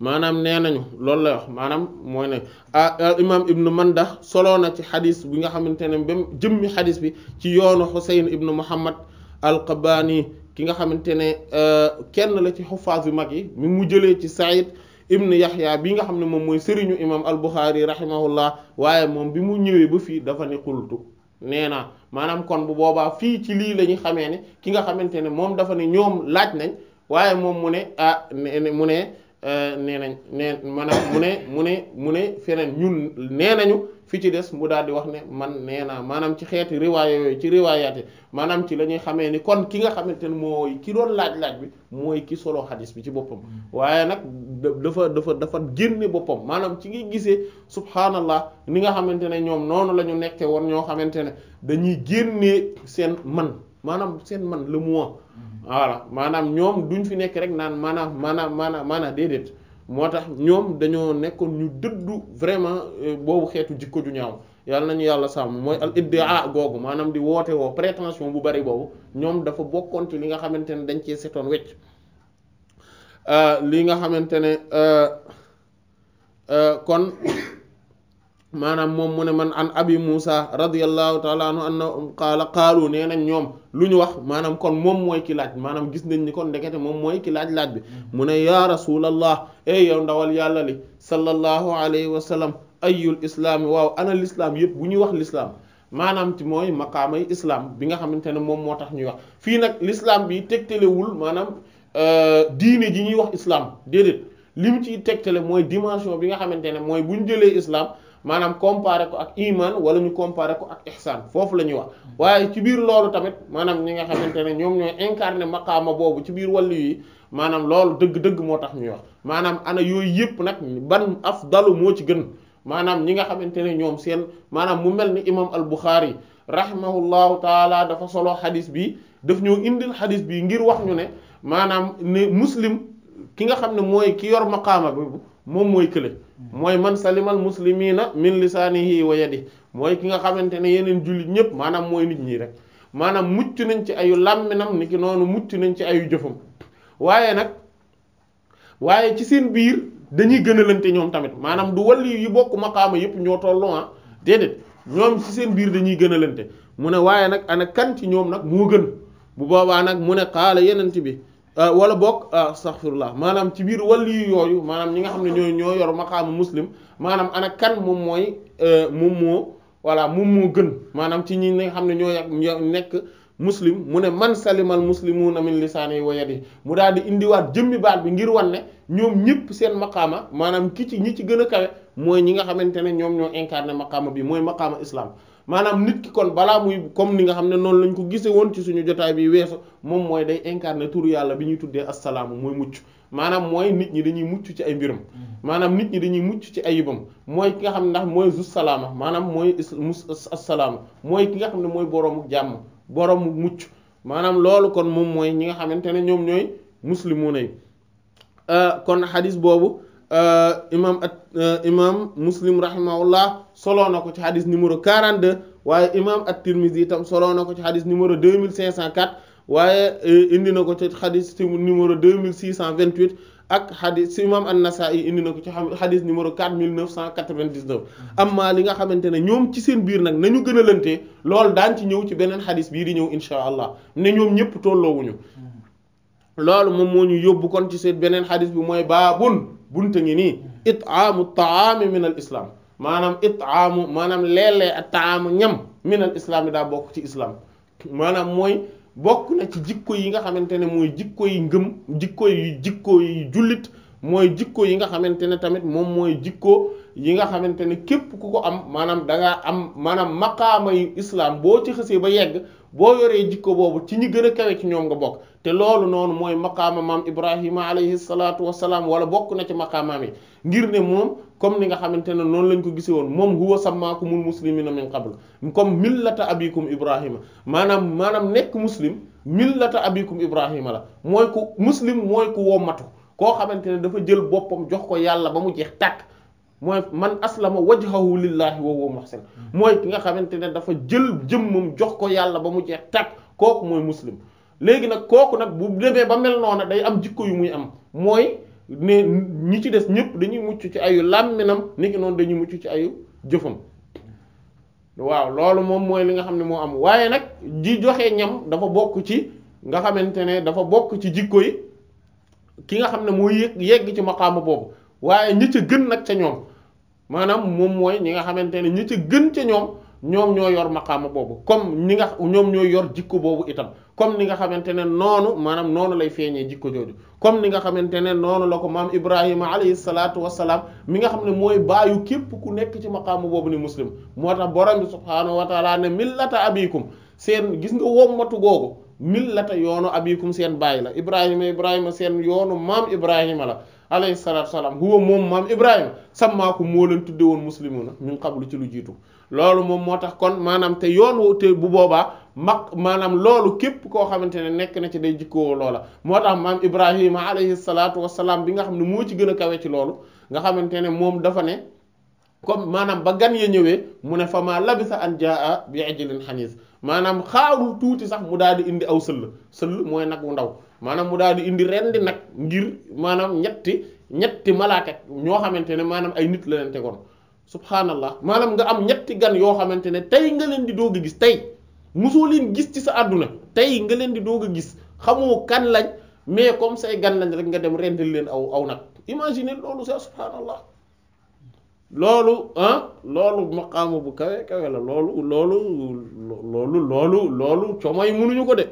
maanaam nee nañu loolu la maanaam mooy ne al imam ibn Mandah soloo na ci xadis bi nga xamante ne ba jëmmi bi ci yoonu Xuseyn ibn Muhammad al-Qabbani ki nga xamante ne e, kenn la ci xufaas yu mag yi mi mu jëlee ci Sa'id ibn Yahya bi nga xam ne moom mooy sëriñu imam al-Bukhari rahimahullah waaye moom bi mu ñëwee ba fii dafa ne qultu nee naa maanaam kon bu boobaa fii ci lii la ñu xamee ne ki nga xamante ne moom dafa ne ñoom laaj nañ waaye moom mu ne ah mu ne eh, nee nañ nee maanaam mu ne mu ne mu ne feneen ñun nee nañu fi ci des mu daal di wax ne man nee maanaam ci xeeti riwaaya yooyu ci riwaayaat maanaam ci la ñuy xamee ni kon ki nga xamante ne mooy ki doon laaj-laaj bi mooy ki solo xadis bi ci boppam mm. waaye nag dafa dafa dafa génne boppam maanaam ci ngi gisee subhaanallah ni nga xamante ne ñoom noonu la ñu nekkee woon ñoo xamante ne dañuy génnee seen man maanaam seen man la moi mm. voilà maanaam ñoom duñ fi nekk rek naan maanaam maanaam maanaam maanaam déedéet moo tax ñoom dañoo nekkoon ñu dëddu vraiment euh, boobu xeetu jikko ju ñaaw yàlla nañu yàlla sàmm mooy al ah googu maanaam di woote woo prétention bu bari boobu ñoom dafa bokkoon ci li nga xamante ne dañ cee setoon wecc euh, li nga xamante ne euh, kon maanaam moom mu ne man an abi Musa radiyallahu taala anhu an qaala qaalu nee nañ ñoom lu ñu wax maanaam kon moom mooy ki laaj maanaam gis nañ ni kon ndekete moom mooy ki laaj laaj bi mu ne yaa rasulallah ey yow ndawal yàlla li sallallahu alayhi wa sallam ayul islaam waaw ana l'islam yëpp bu ñuy wax lislaam maanaam ci mooy maqaamay islaam bi nga xamante ne moom moo tax ñuy wax fii nag lislaam bi tegtalewul maanaam euh, diine ji ñuy wax islam déedéet li mu ciy tegtale mooy dimension bi nga xamante ne mooy bu ñu jëlee islam maanaam comparer ko ak iman wala ñu comparer ko ak ihsaan foofu la ñuy wax waaye ci biir loolu tamit maanaam ñi nga xamante ne ñoom ñooy incarné maqaama boobu ci biir wàllu yi maanaam loolu dëgg-dëgg moo tax ñuy wax maanaam ana yooyu yëpp nag ban afdalu moo ci gën maanaam ñi nga xamante ne ñoom seen maanaam mu mel ni imam al-Bukhari rahimahullahu taala dafa solo xadis bi daf ñoo indil xadis bi ngir wax ñu ne maanaam ne muslim ki nga xam ne mooy ki yor maqaama bi moom mooy kële mooy man salimal muslimina min lisaanihi wa yadihi mooy ki nga xamante ne yeneen jullit ñëpp maanaam mooy nit ñi rek maanaam mucc nañ ci ayu làmminam niki noonu mucc nañ ci ayu jëfam waaye nag waaye ci seen biir dañuy gënalante ñoom tamit maanaam du wali yu bokk maqaama yëpp ñoo tolloo ah déedéet ñoom ci seen biir dañuy gënalante mu ne waaye nag ana kan ci ñoom nag moo gën bu boobaa nag mu ne xaala yenent bi Euh, wala boog ah, astaghfirullah maanaam ci biir wàllu yooyu maanaam ñi nga xam ne ñooy ñoo yor maqaamu muslim maanaam ana kan moom mooy euh, moom moo voilà moom moo gën maanaam ci ñi nga xam ne ñoo nekk muslim mu ne man salimal na min lisaanihi wa yi mu daal di indiwaat jëmmi baat bi ngir wan ne ñoom ñëpp seen maqaama maanaam ki ci ñi ci gën a kawe mooy ñi nga xamante ne ñoom ñoo incarné maqaama bi mooy maqaama islam maanaam nit ki kon balaa muy comme ni nga xam ne noonu lañ ko gisee woon ci suñu jotaay bi weesu moom mooy day incarner turu yàlla bi ñuy tuddee assalaamu mooy mucc maanaam mooy nit ñi dañuy mucc ci ay mbiram maanaam nit ñi dañuy mucc ci ayibam mooy ki nga xam ne ndax mooy zu salaama maanaam mooy mus assalaama mooy ki nga xam ne mooy boroomu jàmm boroomu mucc maanaam loolu kon moom mooy ñi nga xamante ne ñoom ñooy muslimuna yi euh, kon xadis boobu euh, imaam at euh, imaam muslim rahimahullah soloo na ko ci xadis numéro 42 waaye imam at-Tirmidhi itam soloo na ko ci xadis numéro 2504 waaye euh, indi na ko ci xadis numéro 2628 ak xadis imam an-Nasa'i indi na ko ci xadis numéro 4999 amma li nga xamante ne ñoom ci seen biir nag nañu gën a lante loolu daan ci ñëw ci beneen xadis bii di ñëw insha allah ne ñoom ñëpp tolloowuñu loolu moom moo ñu yóbbu kon ci seen beneen xadis bi mooy baabun bunte ngi nii it'aamu ta'aami min al islaam maanaam itaamu maanaam leelee ak taamu ñam minal islam yi daa bokk ci islam maanaam mooy bokk na ci jikko yi nga xamante ne mooy jikko yi ngëm jikko yi jikko yi jullit mooy jikko yi nga xamante ne tamit moom mooy jikko yi nga xamante ne képp ku ko am maanaam da ngaa am maanaam maqaama yu islam boo ci ba yegg boo yoree jikko boobu ci ñi gën a kawe ci ñoom nga bokk te loolu noonu mooy maqaama maam Ibrahima alayhi salaatu wa salaam wala bokk na ci maqaamaam yi ngir ne moom comme ni nga xamante ne noonu lañ ko gisee woon moom huwa sammaakumul muslimina min qabl comme millata abikum ibrahima maanaam maanaam nekk muslim millata abikum ibrahima la mooy ku muslim mooy ku wommatu koo xamante ne dafa jël boppam jox ko yàlla ba mu jeex tàkk mooy man aslama wajhahu lillahi wa huwa muhsin mooy ki nga xamante ne dafa jël jëmmam jox ko yàlla ba mu jeex tàkk kooku mooy muslim léegi nag kooku nag bu demee ba mel noona day am jikko yu muy am mooy ne ñi ci des ñëpp dañuy mucc ci ayu làmminam niki noonu dañuy mucc ci ayu jëfam waaw loolu moom mooy li nga xam ne moo am waaye nag ji joxe ñam dafa bokk ci nga xamante ne dafa bokk ci jikko yi ki nga xam ne moo yëg yegg ci maqaama boobu waaye ñi ca gën nag ca ñoom maanaam moom mooy ñi nga xamante ne ñi ca gën ca ñoom ñoom ñoo yor maqaama boobu comme ni nga ñoom ñoo yor jikko boobu itam comme ni nga xamante ne noonu maanaam noonu lay feeñee jikko jooju comme ni nga xamante ne noonu la ko maam Ibrahima alayhi salaatu wa salaam mi nga xam ne mooy bàyyu képp ku nekk ci maqaama boobu ni muslim moo tax borom bi subhaanahu wa taala ne millata abikum seen gis nga wommatu googu millata yoonu abikum seen bàyyi la Ibrahima Ibrahima seen yoonu maam Ibrahima la. alayhi salaatu wa salaam huwa moom maam Ibrahima sàmmaa ko moo leen tudde woon muslimuna min qablu ci lu jiitu. loolu moom moo tax kon maanaam te yoon te bu boobaa mag maanaam loolu képp koo xamante ne nekk na ci day jikkoo loola moo tax maam Ibrahima alayhi salaatu wassalaam bi nga xam ne moo ci gën a kawe ci loolu nga xamante ne moom dafa ne comme maanaam ba gan ya ñëwee mu ne fa fama labisa an a bi ajlin xaniis maanaam xaaru tuuti sax mu daal di indi aw sëll sëll mooy nag wu ndaw maanaam mu daal di indi rendi nag ngir maanaam ñetti ñetti malaaka ñoo xamante ne maanaam ay nit la leen tegoon subhaanallah maanaam nga am ñetti gan yoo xamante ne tey nga leen di doog a gis tey mosoo leen gis ci sa àdduna tey nga leen di doog a gis xamoo kan lañ mais comme say gan lañ rek nga dem rendil leen aw aw nag imagine loolu c'est subhaanallah loolu ah loolu maqaamu bu kawe kawe la loolu loolu loolu loolu loolu coomo yi munuñu ko de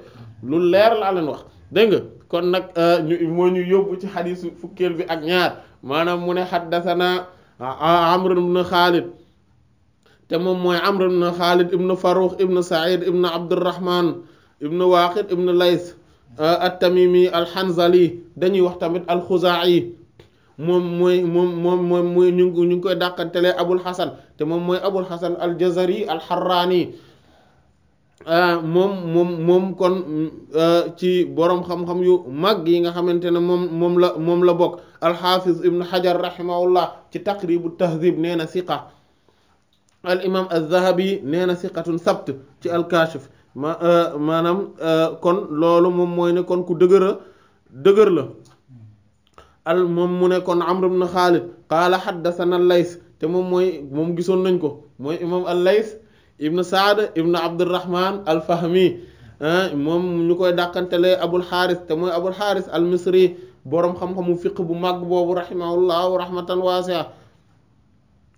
lu leer laa leen wax dégg nga kon nag euh, moo ñu yóbbu ci xadiisu fukkeel bi ak ñaar maanaam Ah, ah, Amr ibn Khalid te moom mooy Amr ibn Khalid ibn Farrukh ibn Sa'id ibn Abdurrahman ibn Waqid ibn Layth ah, at-Tamimi al-Hanzali dañuy wax tamit al-Khuzaa'i moom mooy moom moom moom ñu ngi koy dàqantelee Abul Hasan te moom mooy Abul Hasan al-Jazari al-Harrani moom moom moom kon ci boroom xam-xam yu mag yi nga xamante ne moom moom la moom la bokk. alxafiz ibn xajar rahimahullah ci taqribu tahdib nee na siqa al imam az-zahabi nee na siqatun sabt ci alkashif ma euh, maanaam euh, kon loolu moom mooy ne kon ku dëgëra dëgër la al moom mu ne kon amr ibn xaalid qaala xaddasana lays te moom mooy moom gisoon nañ ko mooy imam al lays ibn saad ibn abdurrahman al fahmi moom ñu koy dàqantele abul xaaris te mooy abul xaaris al misri boroom xam-xamu fiq bu màgg boobu rahimahullahu rahmatan waasi'a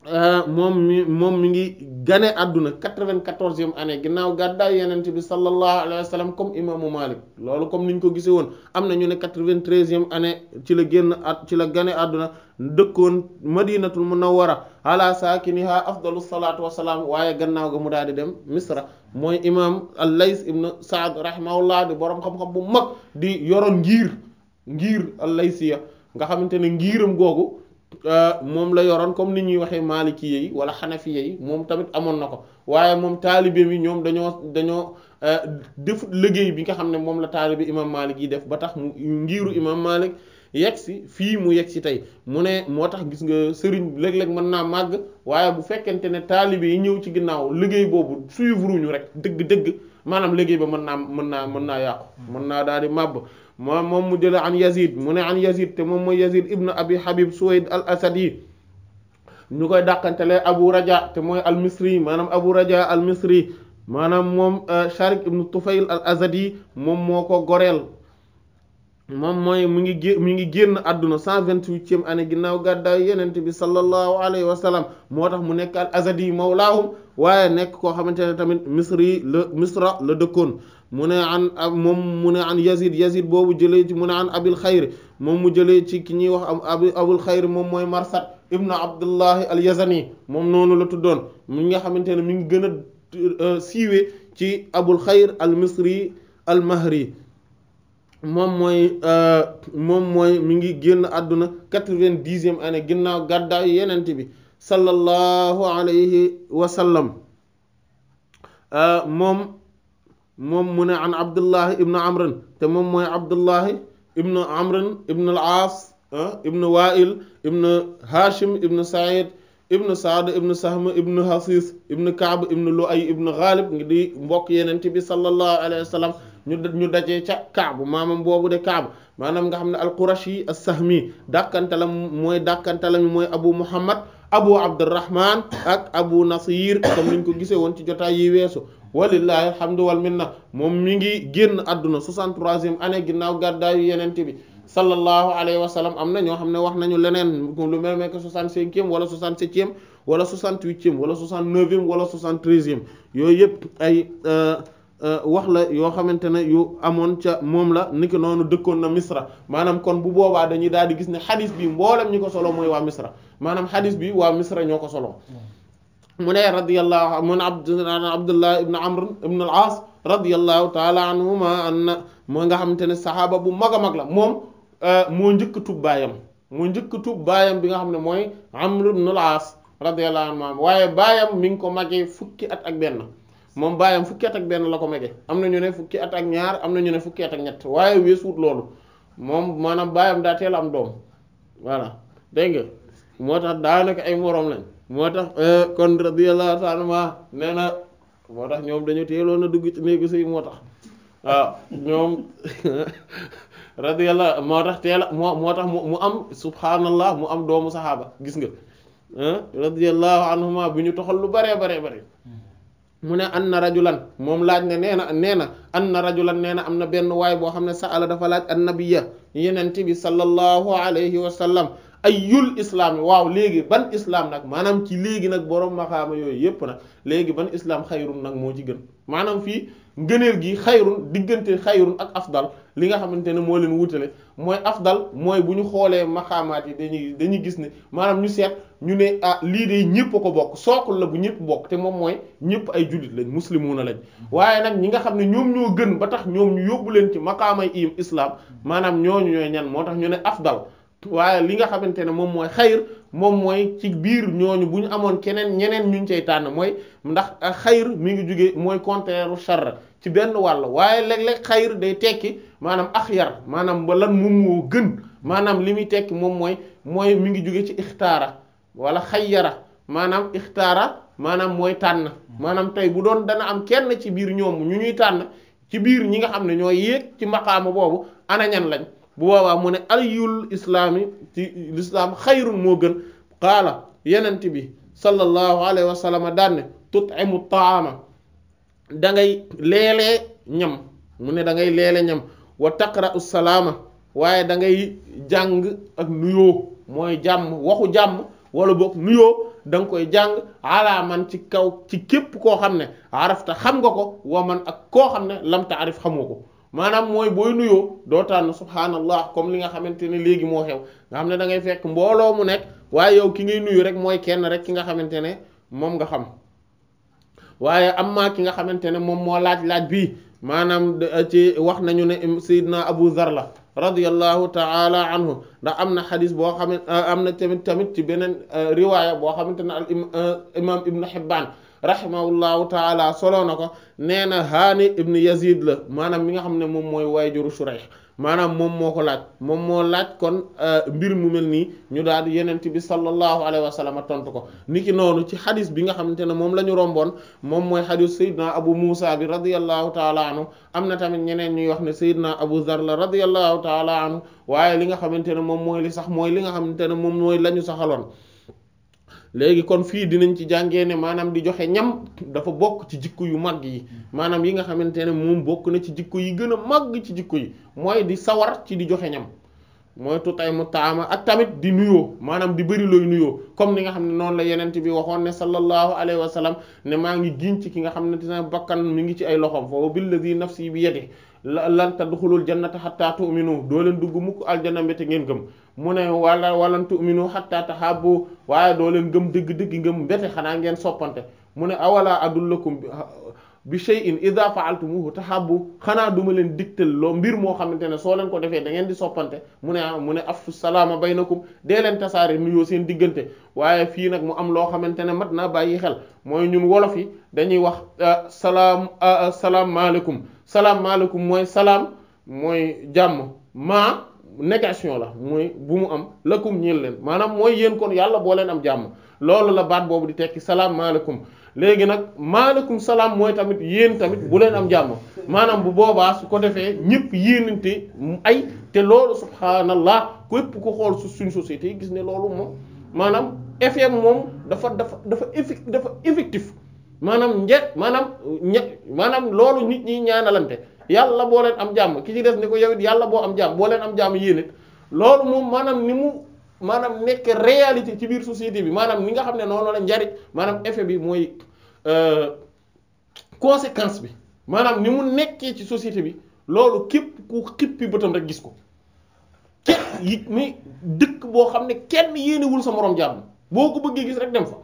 ah, moom mi moom mi ngi gane àdduna quatre-vingt-quatorzième année ginnaaw gàddaay yenente bi sallallahu alayhi wa sallam comme imaamu Malik loolu comme ni ñu ko gisee am na ñu ne quatre-vingt-treizième année ci la génn at ci la gane àdduna dëkkoon madinatul munawwara ala saakiniha afdalu salaatu wasalaam waaye gannaaw ga mu daal di dem misra mooy imaam al-Lays ibn Saad rahimahullah di boroom xam mag di yoroon ngir ngir al-Laysiya nga xamante ne ngiiram googu euh, moom la yoroon comme ni ñuy waxee Maliki yi wala Xanafiya yi moom tamit amoon na ko waaye moom taalibe bi ñoom dañoo dañoo euh, def liggéey bi nga xam ne moom la taalibe imam Malik yi def ba tax mu ngiru imam Malik yegg si fii mu yegg si tey mu ne moo tax gis nga sëriñ léeg-léeg mën naa màgg waaye bu fekkente ne taalibe yi ñëw ci ginnaaw liggéey boobu suivre rek dëgg-dëgg maanaam liggéey ba mën naa mën naa mën naa yàqu mën naa daal di màbb moom moom mu jële an yazid mu ne an yazid te moom mooy yazid ibnu abi habib suwayd al asadi ñu koy dàqantele abu raja te mooy al misri maanaam abu raja al misri maanaam moom euh, sharik ibnu tufayl al azadi moom moo ko goreel moom mooy mi ngi gé mi ngi génn àdduna 128e année ginnaaw gàddaay yenente bi sallallahu alayhi wa sallam moo tax mu nekk al azadi mawlaahum waaye nekk koo xamante ne tamit misri la misra la dëkkoon mu ne an moom mu ne an Yazid Yazid boobu jëlee ci mu ne an abil xayr moom mu jëlee ci ki ñuy wax ab abul xayr moom mooy Marsat ibnu Abdullahi al Yazani moom noonu la tuddoon mu nga xamante ne mu ngi gën a euh, siiwee ci abul xayr al misri al mahri moom mooy euh, moom mooy mi ngi génn àdduna quatre-vingt-dixième année ginnaaw gàddaayu yenente bi sallallahu alayhi wa euh, moom. moom mu ne an abdullahi ibn amrin te moom mooy abdullahi ibn amrin ibn al aas ah, ibn wa'il ibn hashim ibn said ibn saad ibn sahm ibn hasis ibn kaab ibn lu'ay ibn ghalib ngi di mbokk yeneen bi sallallahu alayhi wa sallam ñu ñu dajee ca kaabu maamam boobu de kaabu maanaam nga xam ne alqurashi assahmi dàkkantalam mooy dàkkantalam mooy abu muhammad abu abdurrahman ak abu nasir comme niñ ko gise woon ci jotaay yi weesu walillahi alhamdu wal minna moom mi ngi génn àdduna 63e année ginnaaw gàddaayu yenente bi sallallahu alayhi wa sallam am na ñoo xam ne wax nañu leneen lu mel ne que 65e wala 67e wala 68e wala 69e wala 73e yooyu yëpp ay euh, euh, wax la yoo xamante ne yu amoon ca moom la niki noonu dëkkoon na Misra maanaam kon bu boobaa dañu daal di gis ne xadis bi mboolem ñi ko solo mooy waa Misra maanaam xadis bi waa Misra ñoo ko solo. Hmm. mu ne radiyallahu mun abdullah ibn amr am al-aas radiyallahu taala anhuma anna moo nga xamante ne saxaaba bu mag a mag la moom euh, moo njëkk tub baayam moo njëkk tub baayam bi nga xam ne mooy amr ibn al waaye baayam mi ngi ko magee fukki at ak benn moom baayam fukki benn la ko magee am na ñu ne fukki at ak ñaar am na ñu ne fukki at ak ñett waaye weesuut loolu moom maanaam baayam daa teel am doom voilà dégg moo tax daanaka ay moroom lañ moo tax eh, kon radiyallahu ta'ala anhu nee na moo tax ñoom dañu teeloon a dugg ci néegu sëy moo tax waaw ñoom radiyallahu moo tax teel a moo moo tax mu am subhaanallah mu am doomu saxaaba gis nga eh, radiyallahu anhuma bu ñu toxal lu baree baree bare mu ne an na rajulan moom laaj ne nee na nee na an na rajulan nee na am na benn waay boo xam ne sa sa'ala dafa laaj an nabiyya yenente bi sallallahu alayhi wa sallam ay yul islaam yi waaw léegi ban islam nag maanaam ci léegi nag borom maxaama yooyu yépp nag léegi ban islam xayrun nag moo ci gën maanaam fii ngëneel gi xayrun diggante xayrun ak afdal li nga xamante ne moo leen wutale mooy afdal mooy bu ñu xoolee maxaamaat yi dañuy dañu gis ne maanaam ñu seet ñu ne ah lii de ñëpp ko bokk sookul la bu ñëpp bokk te moom mooy ñëpp ay jullit lañ muslimuuna lañ waaye nag ñi nga xam ne ñoom ñoo gën ba tax ñoom ñu yóbbu leen ci maqaamay iim islam maanaam ñooñu ñooy ñan moo tax ñu ne afdal waaye li nga xamante ne moom mooy xayr moom mooy ci biir ñooñu bu ñu amoon keneen ñeneen ñu cay tànn mooy ndax euh, xayr mi ngi jugee mooy contraire charr ci benn wàll waaye léeg-léeg xayr day tekki maanaam yar maanaam ba lan moom moo gën maanaam li muy tekki moom mooy mooy mi ngi jugee ci ixtaara wala yara maanaam ixtaara maanaam mooy tànn maanaam tey bu doon dana am kenn ci biir ñoom ñu ñuy tànn ci biir ñi nga xam ne ñooy yéeg ci maqaama boobu ana ñan lañ. bu boobaa mu ne ayul islaami ci lislaam xayrun moo gën qaala yenent bi sallallahu alayhi wa sallam daan ne tut'imu taama da ngay ñam mu ne dangay ngay leele ñam wa taqra'u salaama waaye da ngay jàng ak nuyoo mooy jàmm waxu jàmm wala boog nuyoo da nga koy jàng ala man ci kaw ci képp koo xam ne arafta xam nga ko wa man ak koo xam ne lam xamu xamoo ko maanaam mooy booy nuyoo doo tànn subhaanallah comme li nga xamante ne léegi moo xew nga xam ne da ngay fekk mbooloo mu nekk waaye yow ki ngay nuyu rek mooy kenn rek ki nga xamante ne moom nga xam waaye am maa ki nga xamante ne moom moo laaj laaj bi maanaam eh, ci wax nañu ne Seydina Abu Zar la radiyallahu taala anhu ndax am na xadis boo xamante eh, am na tamit tamit ci beneen eh, riwaaya boo xamante ne al imaam Ibn Hibbaan rahimahullahu taala solo na ko nee na Haani ibn Yazid la maanaam mi nga xam ne moom mooy waajuru Shurayh maanaam moom moo ko laaj moom moo laaj kon euh, mbir mu mel ñu daal di yenent bi sallallahu alayhi wa sallam tontu ko niki noonu ci xadis bi nga xamante ne moom la ñu romboon moom mooy xadis sayidna abu musa bi radiallahu taala anhu am na tamit ñeneen ñuy wax ne na abu zar la radiallahu taala anhu waaye li nga xamante ne moom mooy li sax mooy li nga xamante ne moom mooy la ñu saxaloon léegi kon fii dinañ ci jàngee ne maanaam di joxe ñam dafa bokk ci jikko yu mag yi mm. maanaam yi nga xamante ne moom bokk na ci jikko yi gën a mag ci jikko yi mooy di sawar ci di joxe ñam mooy tutay mu taama ak tamit di nuyoo maanaam di bëri looy nuyoo comme ni nga xam ne noonu la yeneen bi waxoon ne sallallahu alayhi wa sallam ne maa ngi giñ ci ki nga xam ne dina bakkan mi ngi ci ay loxoom foofu billadi nafsi bi yadi lanta lan tadxulul jannata hatta tu'minu doo leen dugg mukk aljanna mbete ngeen gëm mu ne wala walan tu'minu hatta tahabbu waaye doo leen gëm dëgg-dëgg ngëm mbete xanaa ngeen soppante mu ne awala adullakum bi shay'in idha fa'altumuhu tahabbu xanaa duma leen digtal loo mbir moo xamante ne soo leen ko defee da di soppante mu ne mu ne affu salaama baynakum dee leen tasaare nuyoo seen diggante waaye fii nag mu am loo xamante ne mat naa bàyyi xel mooy ñun wolof yi dañuy wax salaam salaamaaleykum salaam maaleykum mooy salaam mooy jàmm maa négation la mooy bu mu am lakum ñeel leen maanaam mooy yéen kon yàlla boo leen am jàmm loolu la baat boobu di tekki salaam maaleykum léegi nag maaleykum salaam mooy tamit yéen tamit bu leen am jàmm maanaam bu boobaa su ko defee ñëpp yéenante ay te loolu subhaanallah képp ku xool su suñ société yi gis ne loolu moom maanaam effet moom dafa dafa dafa effi dafa effectif maanaam nje maanaam ña maanaam loolu nit ñi ñaanalante yàlla boo leen am jàmm ki ci des ni ko yow yàlla boo am jàmm boo leen am jàmm yéene loolu moom maanaam ni mu maanaam nekk réalité ci biir société bi maanaam ni nga xam ne noonu la njariñ maanaam effet bi mooy euh, conséquence bi maanaam ni mu nekkee ci société bi loolu képp ku xippi bëtam rek gis ko képp yi muy dëkk boo xam ne kenn yéenewul sa moroom jàmm boo ko bëggee gis rek dem fa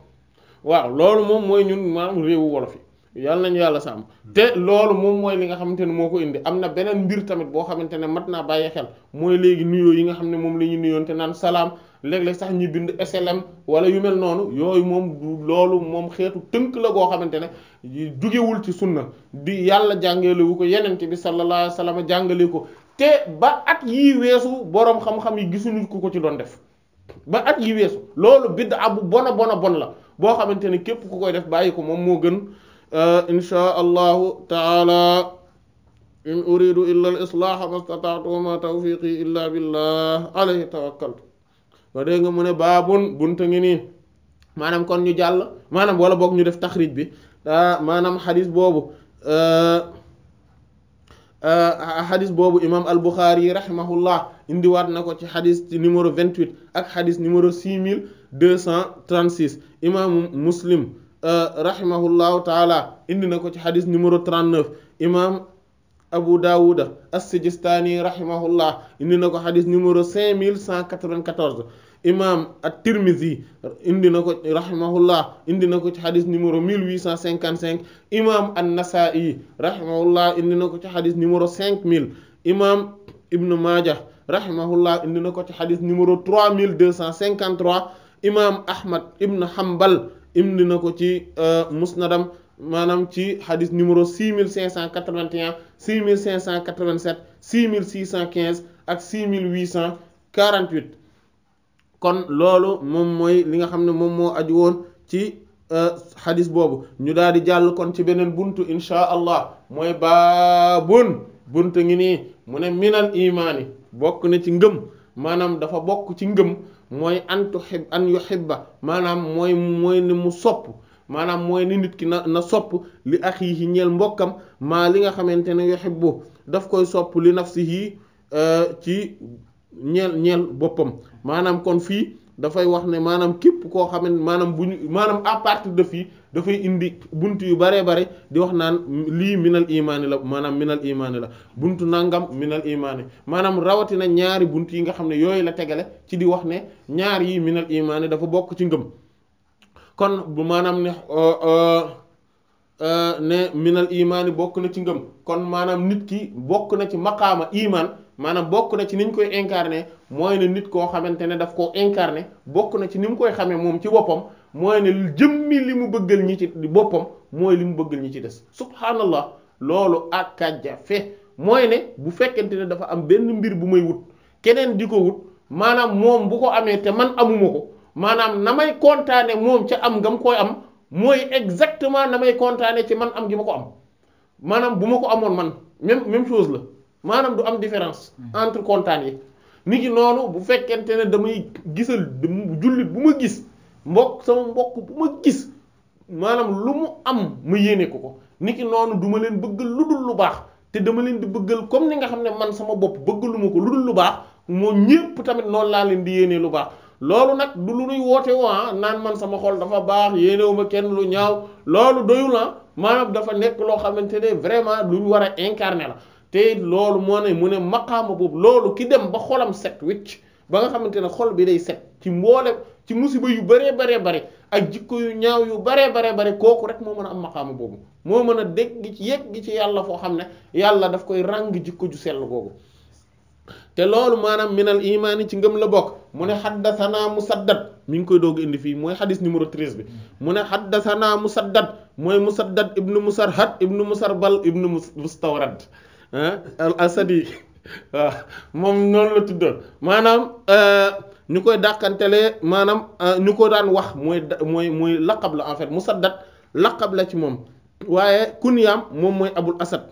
waaw loolu moom mooy ñun maam réewu wolof yi yàlla nañu yàlla sàmm te loolu moom mooy li nga xamante ni moo ko indi am na beneen mbir tamit boo xamante ne mat naa bàyyi xel mooy léegi nuyoo yi nga xam ne moom la ñuy nuyoon te naan salaam léeg-léeg sax ñu bind SLM wala yu mel noonu yooyu moom loolu moom xeetu tënk la goo xamante ne jugewul ci sunna di yàlla jàngalewu ko yeneen yenente bi sallallahu alayhi wa ko te ba at yi weesu boroom xam yi gisuñu ku ko ci doon def ba at yi weesu loolu bid'a bu bona bona bon la boo xamante ni képp ku koy def bàyyi ko moom moo gën euh, insha allahu taala in uridu illa al islaaha mastata'tu wa ma tawfiqi illa billah alayhi tawakkaltu wa dégg nga mu ne baabun bunta ngi nii maanaam kon ñu jàll maanaam wala boog ñu def taxrij bi ah, maanaam xadis boobu euh, euh, xadis boobu imam al Buxaari rahimahullah indiwaat na ko ci xadis numéro 28 ak xadis numéro 6236 imaamu muslim euh, rahimahullahu taala indi na ko ci xadis numéro 39 imaam abu daawuda as-sijistaani rahimahullah indi na ko xadis numéro 5194 imaam at-tirmizi indi na ko rahimahullah indi na ko ci xadis numéro 1855 imaam an-nasaa'i rahimahullah indi na ko ci xadis numéro 5000 imaam ibnu maaja rahimahullah indi na ko ci xadis numéro 3253 imaam Ahmad ibn Hanbal indi na ko ci euh, musnadam maanaam ci xadis numéro 6581 cent 6615 ak 6848 kon loolu moom mooy li nga xam ne moom moo aj woon ci xadis euh, boobu ñu daal di jàll kon ci beneen buntu inchaa allah mooy baabun buntu ngi nii mu ne minal imaani bokk na ci ngëm maanaam dafa bokk ci ngëm mooy an tuhib an yuhibba maanaam mooy mooy ni mu sopp maanaam mooy ni nit ki na na sopp li axiihi ñeel mbokkam maa li nga xamante ne yuhibbu daf koy sopp li nafsihi euh, ci ñeel ñeel boppam maanaam kon fii dafay wax ne maanaam képp koo xamante maanaam bu ñu maanaam à partir de fii dafay indi bunt yu baree bare di wax naan lii minal imaani la maanaam minal imaani la bunt nangam minal imaani maanaam rawatina ñaari bunt yi nga xam ne yooyu la tegale ci di wax ne ñaar yi minal imaani dafa bokk ci ngëm kon bu maanaam ne euh, euh, euh, ne minal imaani bokk na ci ngëm kon maanaam nit ki bokk na ci maqaama imaan maanaam bokk na ci niñ koy incarné mooy ne nit koo xamante ne daf koo incarné bokk na ci ni mu koy xamee moom ci boppam mooy ne jëmmi li mu bëggal ñi ci boppam mooy li mu bëggal ñi ci des subhaanallah loolu ak jafe mooy ne bu fekkente ne dafa am benn mbir bu may wut keneen di ko wut maanaam moom bu ko amee te man amuma ko maanaam na may kontaane moom ca am ngam koy am mooy exactement na may kontaane ci man am gi ma ko am maanaam bu ma ko amoon man même même chose la maanaam du am différence hmm. entre kontaan yi nit ki noonu bu fekkente ne damay gisal jullit bu ma gis mbokk sama mbokk bu ma gis maanaam lu mu am ma yéene ko ko ki noonu duma leen bëggal lu dul lu baax te dama leen di bëggal comme ni nga xam ne man sama bopp ma ko lu dul lu baax moom ñëpp tamit noonu laa leen di yéene lu baax loolu nag du lu nuy woote woo ah, naan man sama xol dafa baax yéenewuma kenn lu ñaaw loolu doyul ah maanaam dafa nekk loo xamante ne vraiment lu ñu war a incarner la te loolu moo ne mu ne maqaama boobu loolu ki dem ba xolam set wicc ba nga xamante ne xol bi day set ci mboolem ci musiba yu baree baree bare ak jikko yu ñaaw yu baree baree bare kooku rek moo mën a am maqaama boobu moo mën a dégg ci yegg gi ci yàlla foo xam ne yàlla daf koy ràng jikko ju sell boobu te loolu maanaam minal imaani ci ngëm la bokk mu ne xaddasanaa musaddad mi ngi koy doog indi fii mooy xadis numéro 13 bi mu ne xaddasanaa musaddad mooy musaddad ibnu musarhad ibnu musarbal ibnu mustawrad ah, al asadi waaw ah, moom noonu la tuddoon maanaam euh, ñu koy dàqantelee maanaam euh, ñu ko daan wax mooy mooy mooy laqab la en fait musaddad laqab la ci moom waaye kun kunyaam moom mooy abul asad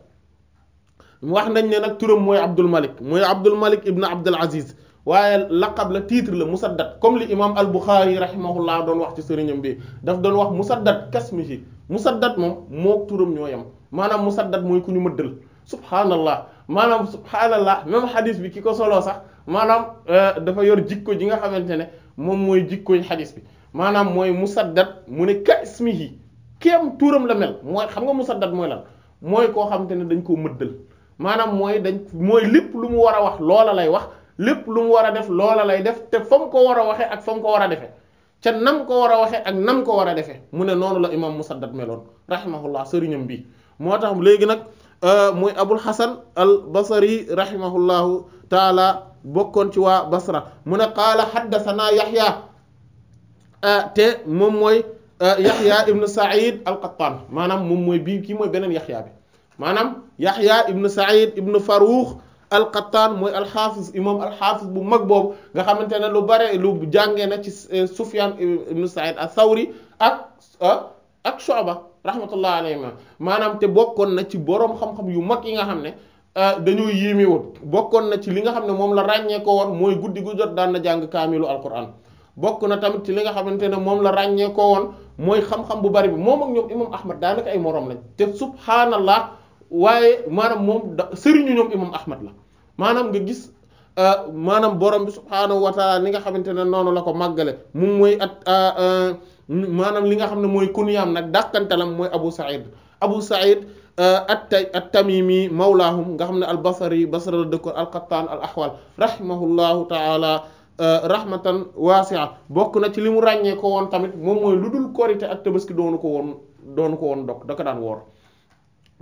wax nañ ne nag turam mooy abdul malik mooy abdul malik ibn abdul aziz waaye laqab la titre la musaddad comme li imam al buxaari rahimahullah doon wax ci sëriñam bi daf doon wax musaddad kasmihi musaddad moom moo turam ñoo yam maanaam musaddad mooy ku ñu mëddal subhaanallah maanaam subhaanallah même xadis bi ki ko soloo sax maanaam euh, dafa yor jikko ji nga xamante ne moom mooy jikkoy xadis bi maanaam mooy musaddad mu ne ka ismihi kem tuuram la mel mooy xam nga musaddad mooy lan mooy koo xamante ne dañ koo mëddal maanaam mooy dañ mooy lépp lu mu war a wax loola lay wax lépp lu mu war a def loola lay def te fa mu ko war a waxee ak fa mu ko war a defee ca nam ko war a waxee ak nam ko war a defee mu ne noonu la imam musaddad meloon rahimahullah sëriñam bi moo tax léegi nag Euh, muy abul xasan al basri rahimahullahu taala bokkoon ci waa basra mu ne qaala xaddasanaa yaxya euh, te moom mooy euh, yaxya ibnu said al qattaan maanaam moom mooy bii kii mooy beneen yaxya bi maanaam yaxya ibnu said ibnu faruux al qattaan mooy alxaafiz imam alxaafiz bu mag boobu nga xamante ne lu bare lu jàngee na ci sufyaan ibnu said al thawri ak shu'ba rahmatullah alayhima maanaam te bokkoon na ci boroom xam-xam yu mag yi nga xam ne euh, dañoo yéeme woon bokkoon na ci li nga xam ne moom la ràññeekoo woon mooy guddi gu jot daan na jàng kaamilu alquran bokk na tamit ci li nga xamante ne moom la ràññee woon mooy xam-xam bu bari bi moom ak ñoom imam ahmad daanaka ay moroom lañ te subhaanallah waaye maanaam moom da sëriñu ñoom imam ahmad la maanaam nga gis euh, maanaam borom bi subhaanahu wa li nga xamante ne noonu la ko màggale mun mooy at euh, maanaam li nga xam ne mooy kunyaam nag dàqantalam mooy Abu Saïd Abu Saïd euh, at-Tamimi mawlaahum nga xam ne al-Basri Basra la dëkkoon al-Qattaan al-Ahwal rahimahullahu taala euh, rahmatan waasi'a bokk na ci li mu ràññee ko woon tamit moom mooy lu dul korite ak tabaski doonu ko woon doonu ko woon dok da ko daan woor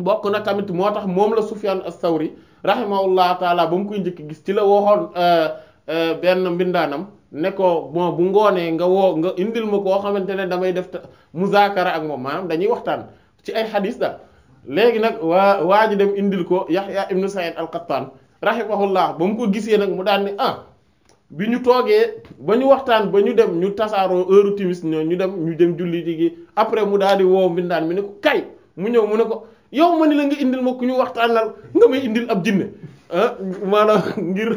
bokk na tamit moo tax moom la Sufyaan as-Sawri rahimahullahu taala ba mu koy njëkk gis ci la waxoon euh, benn mbindaanam ne ko bon bu ngoonee nga woo nga indil ma koo xamante ne damay def muzaakara ak moom maanaam dañuy waxtaan ci ay xadis da léegi nag waa waa ji dem indil ko Yaxya ibnu Saïd al-Qattan rahimahullah ba mu ko gisee nag mu daan ne ah bi ñu toogee ba ñu waxtaan ba ñu dem ñu tasaaroo heure timis ñu dem ñu dem julli ji après mu daal di woo mbindaan mu ne ko kay mu ñëw mu ne ko yow ma ni la nga indil ma ku ñu waxtaanal nga may indil ab jinne Ah, maanaam ngir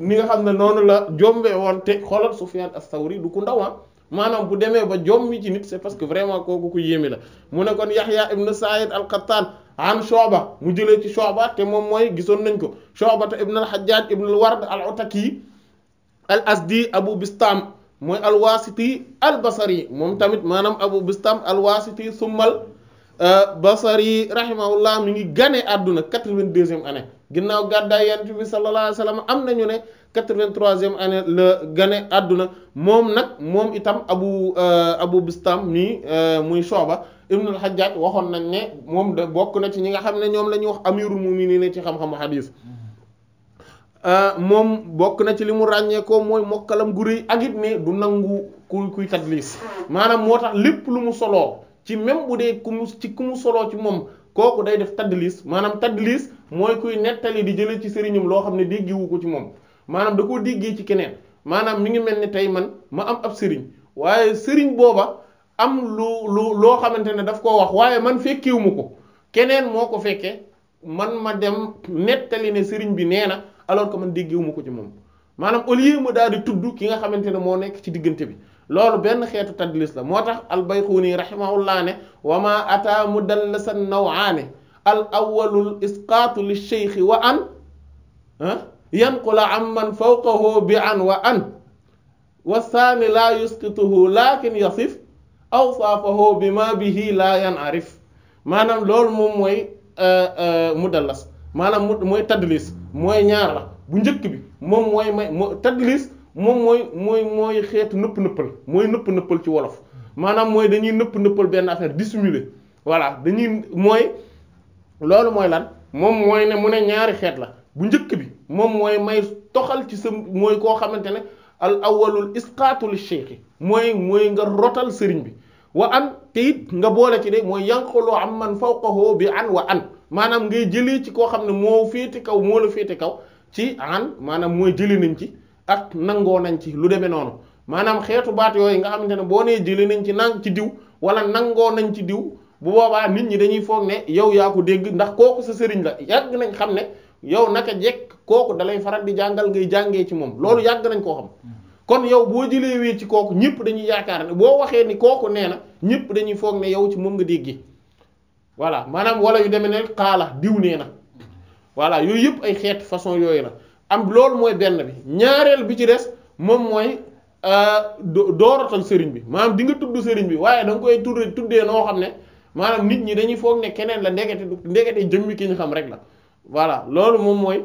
ni nga xam ne noonu la jombee woon te xoolal Sufyan as-Sawri du ku ndaw ah. maanaam bu demee ba jommi ci nit c'est parce que vraiment kooku ku yéeme la mu ne kon Yahya ibn Sa'id al-Qattan an Shu'ba mu jëlee ci Shu'ba te moom mooy gisoon nañ ko Shu'ba ibn al-Hajjaj ibn al-Ward al-Ataki al-Asdi Abu Bistam mooy al-Wasiti al-Basri moom tamit maanaam Abu Bistam al-Wasiti summal ah, Basri rahimahullah mi ngi ganee àdduna quatre-vingt-deuxième année ginnaaw gàddaay yonent bi sallallahu alayhi wa sallam am nañu ne quatre-vingt-troisième année la gane àdduna moom nag moom itam abu euh, abu mii nii euh, muy Shu'ba ibnul Hajjaj waxoon nañ ne moom de bokk na ci ñi nga xam ne ñoom la ñuy wax amirul mu'minin ci xam-xamu hadis euh, moom bokk na ci li mu ràññeekoo ko mooy mokkalam gu rëy ak it ne du nangu ku kuy tadlis maanaam moo tax lépp lu mu soloo ci même bu dee ku ci ku mu soloo ci moom kooku day def tadlis maanaam tadlis mooy kuy nettali di jëlee ci sëriñam loo xam ne déggewu ko ci moom maanaam da koo déggee ci keneen maanaam mi ngi mel ni tey man ma am ab sëriñ waaye sëriñ booba am lu lu loo xamante ne daf koo wax waaye man fekkiwu ma ko keneen moo ko fekkee man ma dem nettali ne sëriñ bi nee na alors que man déggiwu ma ko ci moom maanaam au lieu ma daal di tudd ki nga xamante ne moo nekk ci diggante bi loolu benn xeetu tadlis la moo tax albayxuuni rahimahullah ne wa ma ata mudallasan nawaane al awwalul isqaatu li sheykhi wa an ah, yanqula am man bi an wa an wa saani laa yusqituhu lakin yasif awsaafahu bi ma bihi laa yanarif maanaam lool moom mooy eh, eh, mudallas maanaam mooy tadlis mooy ñaar bu njëkk bi moom mooy may tadlis moom mooy mooy mooy xeetu nëpp nëppal mooy nëpp nëppal ci wolof maanaam mooy dañuy nëpp nëppal benn affaire dissimuler voilà dañuy mooy loolu mooy lan moom mooy ne mu ne ñaari xeet la bu njëkk bi moom mooy may toxal ci sa mooy koo xamante ne al awwalul isqaatul cheikhi mooy mooy nga rootal sëriñ bi wa an te nga boole ci de mooy yanquloo am man fawqahu bi an wa an maanaam ngay jëlee ci koo xam ne moo féete kaw moo la féete kaw ci an maanaam mooy jëlee nañ ci ak nangoo nañ ci lu demee noonu maanaam xeetu baat yooyu nga xamante ne boo nee jëlee nañ ci nangu ci diw wala nangoo nañ ci diw bu boobaa nit ñi dañuy foog ne yow yaa ko dégg ndax kooku sa sëriñ la yàgg nañ xam ne yow naka jekk kooku dalay faral di jàngal ngay jàngee ci moom loolu yàgg nañ koo xam kon yow boo jëlee wee ci kooku ñëpp dañuy yaakaar ne boo waxee ni kooku nee na ñëpp dañuy foog ne yow ci moom nga déggee voilà maanaam wala yu demee ne xaala diw nee na voilà yooyu yëpp ay xeet façon yooyu na am loolu mooy benn bi ñaareel bi ci des moom mooy euh, dooratal sëriñ bi maanaam di nga tudd sëriñ bi waaye da koy tudd tuddee noo xam ne maam nit ñi dañuy foog ne keneen la ndekete ndekete jëmmi ki ñu xam rek la voilà loolu moom mooy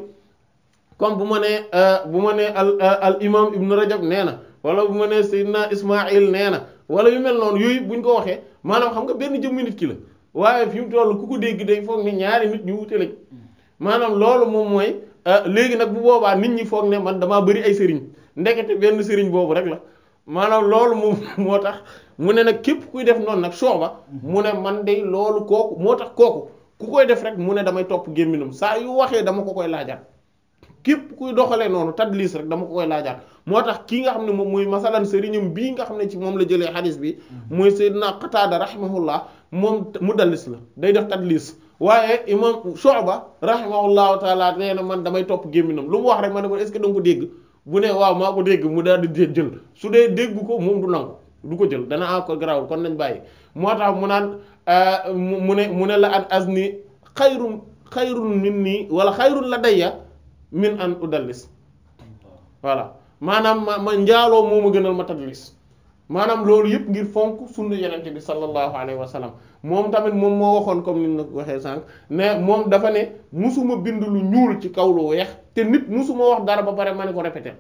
comme bu ma nee euh, bu ma nee al euh, al imam ibnu rajab nee na wala bu ma nee sayyidina ismail nee na wala yu mel noonu yooyu buñ ko waxee maanaam xam nga benn jëmmi nit ki la waaye toll ku ko dégg day foog nit ñu wute lañ maanaam loolu moom mooy Ah, léegi nag bu boobaa nit ñi foog ne man damaa bari ay sëriñ ndekete benn sëriñ boobu rek la maanaam loolu moom moo tax mu ne nag képp kuy def noonu nag sooba mu ne man de loolu kooku moo tax kooku ku koy def rek mu ne damay topp gémminam saa yu waxee dama ko koy laajaat képp kuy doxalee noonu tadlis rek dama ko koy laajaat moo tax kii nga xam ne moom mooy masalan sëriñam bii nga xam ne ci moom la jëlee xadis bi mm-hmm. mooy Seydina Qataada rahimahullah moom mudallis la day def tadlis waaye imam Shu'ba rahimahullahu taala nee na man damay topp gémminam lu mu wax rek ma ne ko est-ce ko dégg bu ne waaw maa ko dégg mu daal di jël su dee dégg ko moom du nangu du ko jël dana encore garaawul kon nañ bàyyi moo tax mu naan euh, mu ne mu ne la as azni xayrun xayrun min nii wala xayrun la dayya min an udallis voilà maanaam ma ma njaaloo moo ma gënal ma tadlis maanaam loolu yëpp ngir fonk sunna yenente bi sallallahu alayhi wa sallam moom tamit moom moo waxoon comme ni na waxee sànq mais moom dafa ne musuma bind lu ñuul ci kaw lu weex te nit mosuma wax dara ba pare ma ne ko répété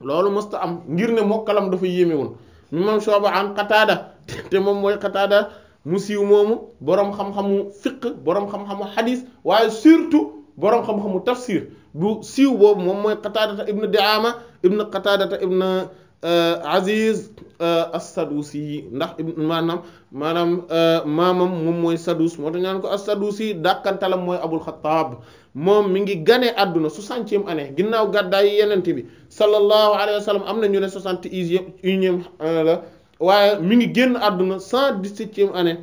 loolu mësta am ngir ne mokkalam dafa yéeme woon imam Shu'ba te moom mooy Qataada mu siiw moomu boroom xam-xamu fiqh boroom xam-xamu xadis waaye surtout boroom xam-xamu tafsir bu siiw boobu moom mooy Qataadata ibn Di'aama ibn Qataadata ibn Euh, Aziz euh, as-Sadusi ndax maanaam maanaam euh, maamam moom mooy Sadus moo tax ñaan ko as-Sadusi dàkkantalam mooy Abul Xattaab moom mi ngi ganee àdduna soixantième année ginnaaw gàddaay yenente bi sallallahu alayhi wa sallam am na ñu ne soixante unième la waaye mi ngi génn àdduna cent dix-septième année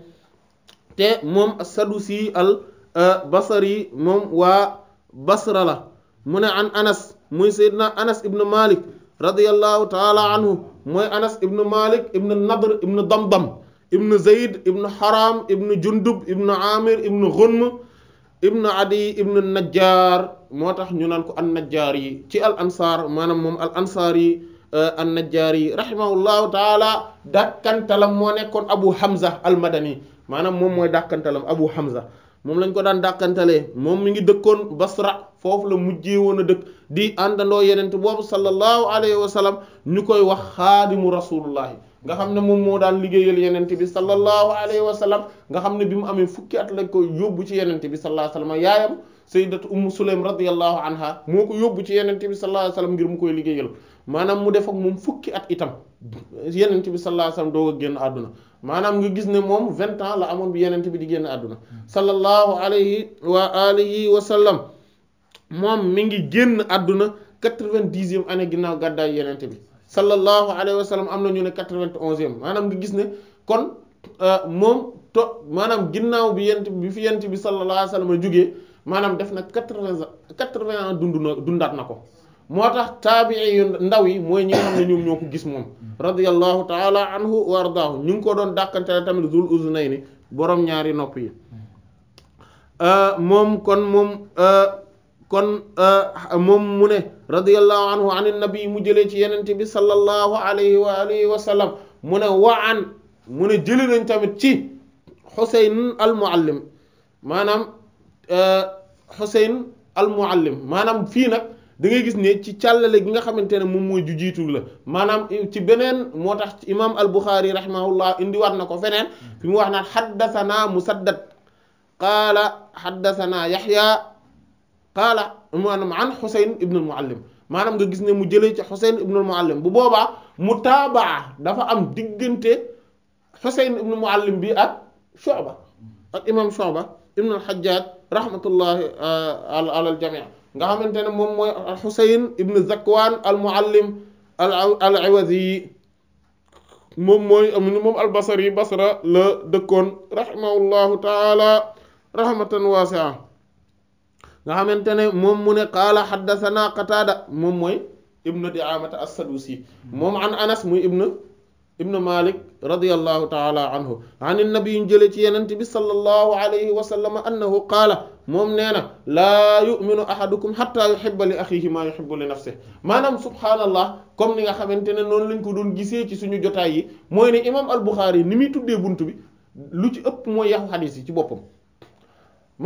te moom as-Sadusi al Basri moom waa Basra la mu ne an Anas muy Seydina Anas ibn Malik radiyallahu taala anhu mooy anas ibnu malik ibnu nadr ibnu damdam ibnu zayd ibnu haram ibnu jundub ibnu amir ibnu ghunm ibnu adi ibnu najjar moo tax ñu nan ko an najjar yi ci al ansar maanaam moom al ansar yi euh, an najjar yi rahimahullahu taala dàkkantalam moo nekkoon abu hamza al madani maanaam moom mooy dàkkantalam abu hamza moom lañ ko daan dàkkantalee moom mi ngi dëkkoon basra foofu la mujjee woon a dëkk di àndandoo yenent boobu sallallahu alayhi wa sallam ñu koy wax xaadimu rasulullahi nga xam ne moom moo daal liggéeyal yenent bi sallallahu alayhi wa sallam nga xam ne bi mu amee fukki at lañ koy yóbbu ci yenent bi sallallahu alayhi wa sallam yaayam sayyidat ummu sulaym radiyallahu anha moo ko yóbbu ci yenent bi sallallahu alayhi ngir mu koy liggéeyal maanaam mu def moom fukki at itam yenent bi sallallahu alayhi wa sallam génn àdduna maanaam nga gis ne moom vingt ans la amoon bi yenent bi di génn àdduna sallallahu alayhi wa alihi wa sallam moom mi ngi génn àdduna quatre-vingt-dixième année ginnaaw gàddaay yenente bi sallallahu alayhi wa sallam am na ñu ne quatre-vingt-onzième maanaam nga gis ne kon euh, moom to maanaam ginnaaw bi yent bi fi yent bi sallallahu alayhi wa sallam jógee maanaam def na quatre-vingts quatre-vingts ans dund na dundaat na ko moo tax taabi yu ndaw yi mooy ñi xam ne ñoom ñoo ko gis moom radiyallahu taala anhu wa ardaahu ñu ngi ko doon dàkkante la tamit zul uznayni boroom ñaari nopp yi euh, kon moom euh, kon euh, moom mu ne radiyallahu anhu an nabi mu jëlee ci yenente bi sallallahu alayhi wa alihi wa sallam mu ne wa mu ne jëli nañ tamit ci xuseyn al maanaam xuseyn euh, al muallim maanaam fii nag da ngay gis ne ci càllale gi nga xamante ne moom mooy ju jiitu la maanaam ci beneen moo tax imaam al buxaari rahimahullah indiwaat na ko feneen fi mu wax naan xaddasanaa musaddad qaala xaddasanaa yaxya qaala maanaam an Xuseyn ibnul maanaam nga gis ne mu jëlee ci Xuseyn ibnul Muallim bu boobaa mutaabaa dafa am diggante Xuseyn ibnul Muallim bi ak Shu'ba ak imam Shu'ba ibnul Hajjaj rahmatullahi uh, alal jamii nga xamante ne moom mooy Xuseyn ibnu Zakwaan al Muallim al al Iwazi moom mooy amuñu moom albasari basra la dëkkoon rahimahullahu taala rahmatan waasi'a nga xamante ne moom mu ne qaala xaddasanaa qataada moom mooy ibnu diamata assadusi moom an anas muy ibnu ibnu malik radiallahu taala anhu an nabi jële ci yenent bi sallallahu alayhi wa sallam annahu qaala moom nee na laa yuminu ahadukum xatta yuhibba li axihi maa yuhibbu li nafsihi maanaam subhaanallah comme ni nga xamante ne noonu lañ ko doon gisee ci suñu jotaay yi mooy ne imam al Buxaari ni muy tuddee bunt bi lu ci ëpp mooy yaxu xadiis ci boppam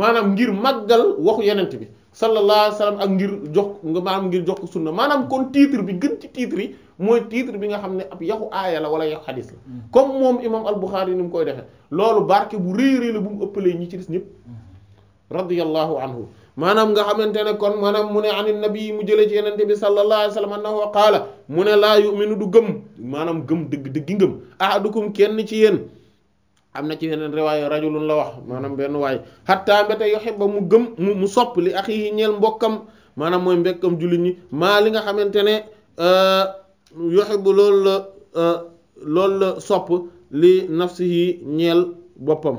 maanaam ngir màggal waxu yenent bi sallallahu alayhi wa sallam ak ngir jox nga maanaam ngir jox ko sunna maanaam kon titre bi gën ci titre mooy titre bi nga xam ne ab yaxu aaya la wala yaxu xadis la mm. comme moom imam al-Bukhari ni mu koy defee loolu barke bu rëy rëy la bu mu ëppalee ñi ci des ñëpp mm. radiyallahu anhu maanaam nga xamante ne kon maanaam mu ne an nabi mu jële ci yenente bi sallallahu alayhi wa sallam annahu qaala mu ne laa ni du gëm maanaam gëm dëgg dëggi ngëm ahadukum kenn ci yéen am na ci yeneen riwaayo rajulun la wax maanaam benn waay xattaa mbéte yuhibbu mu gëm mu mu sopp li akhihi ñeel mbokkam maanaam mooy mbokkam jullit ñi li nga xamante ne euh, yuhibbu loolu la euh, loolu la sopp li nafsihi ñeel boppam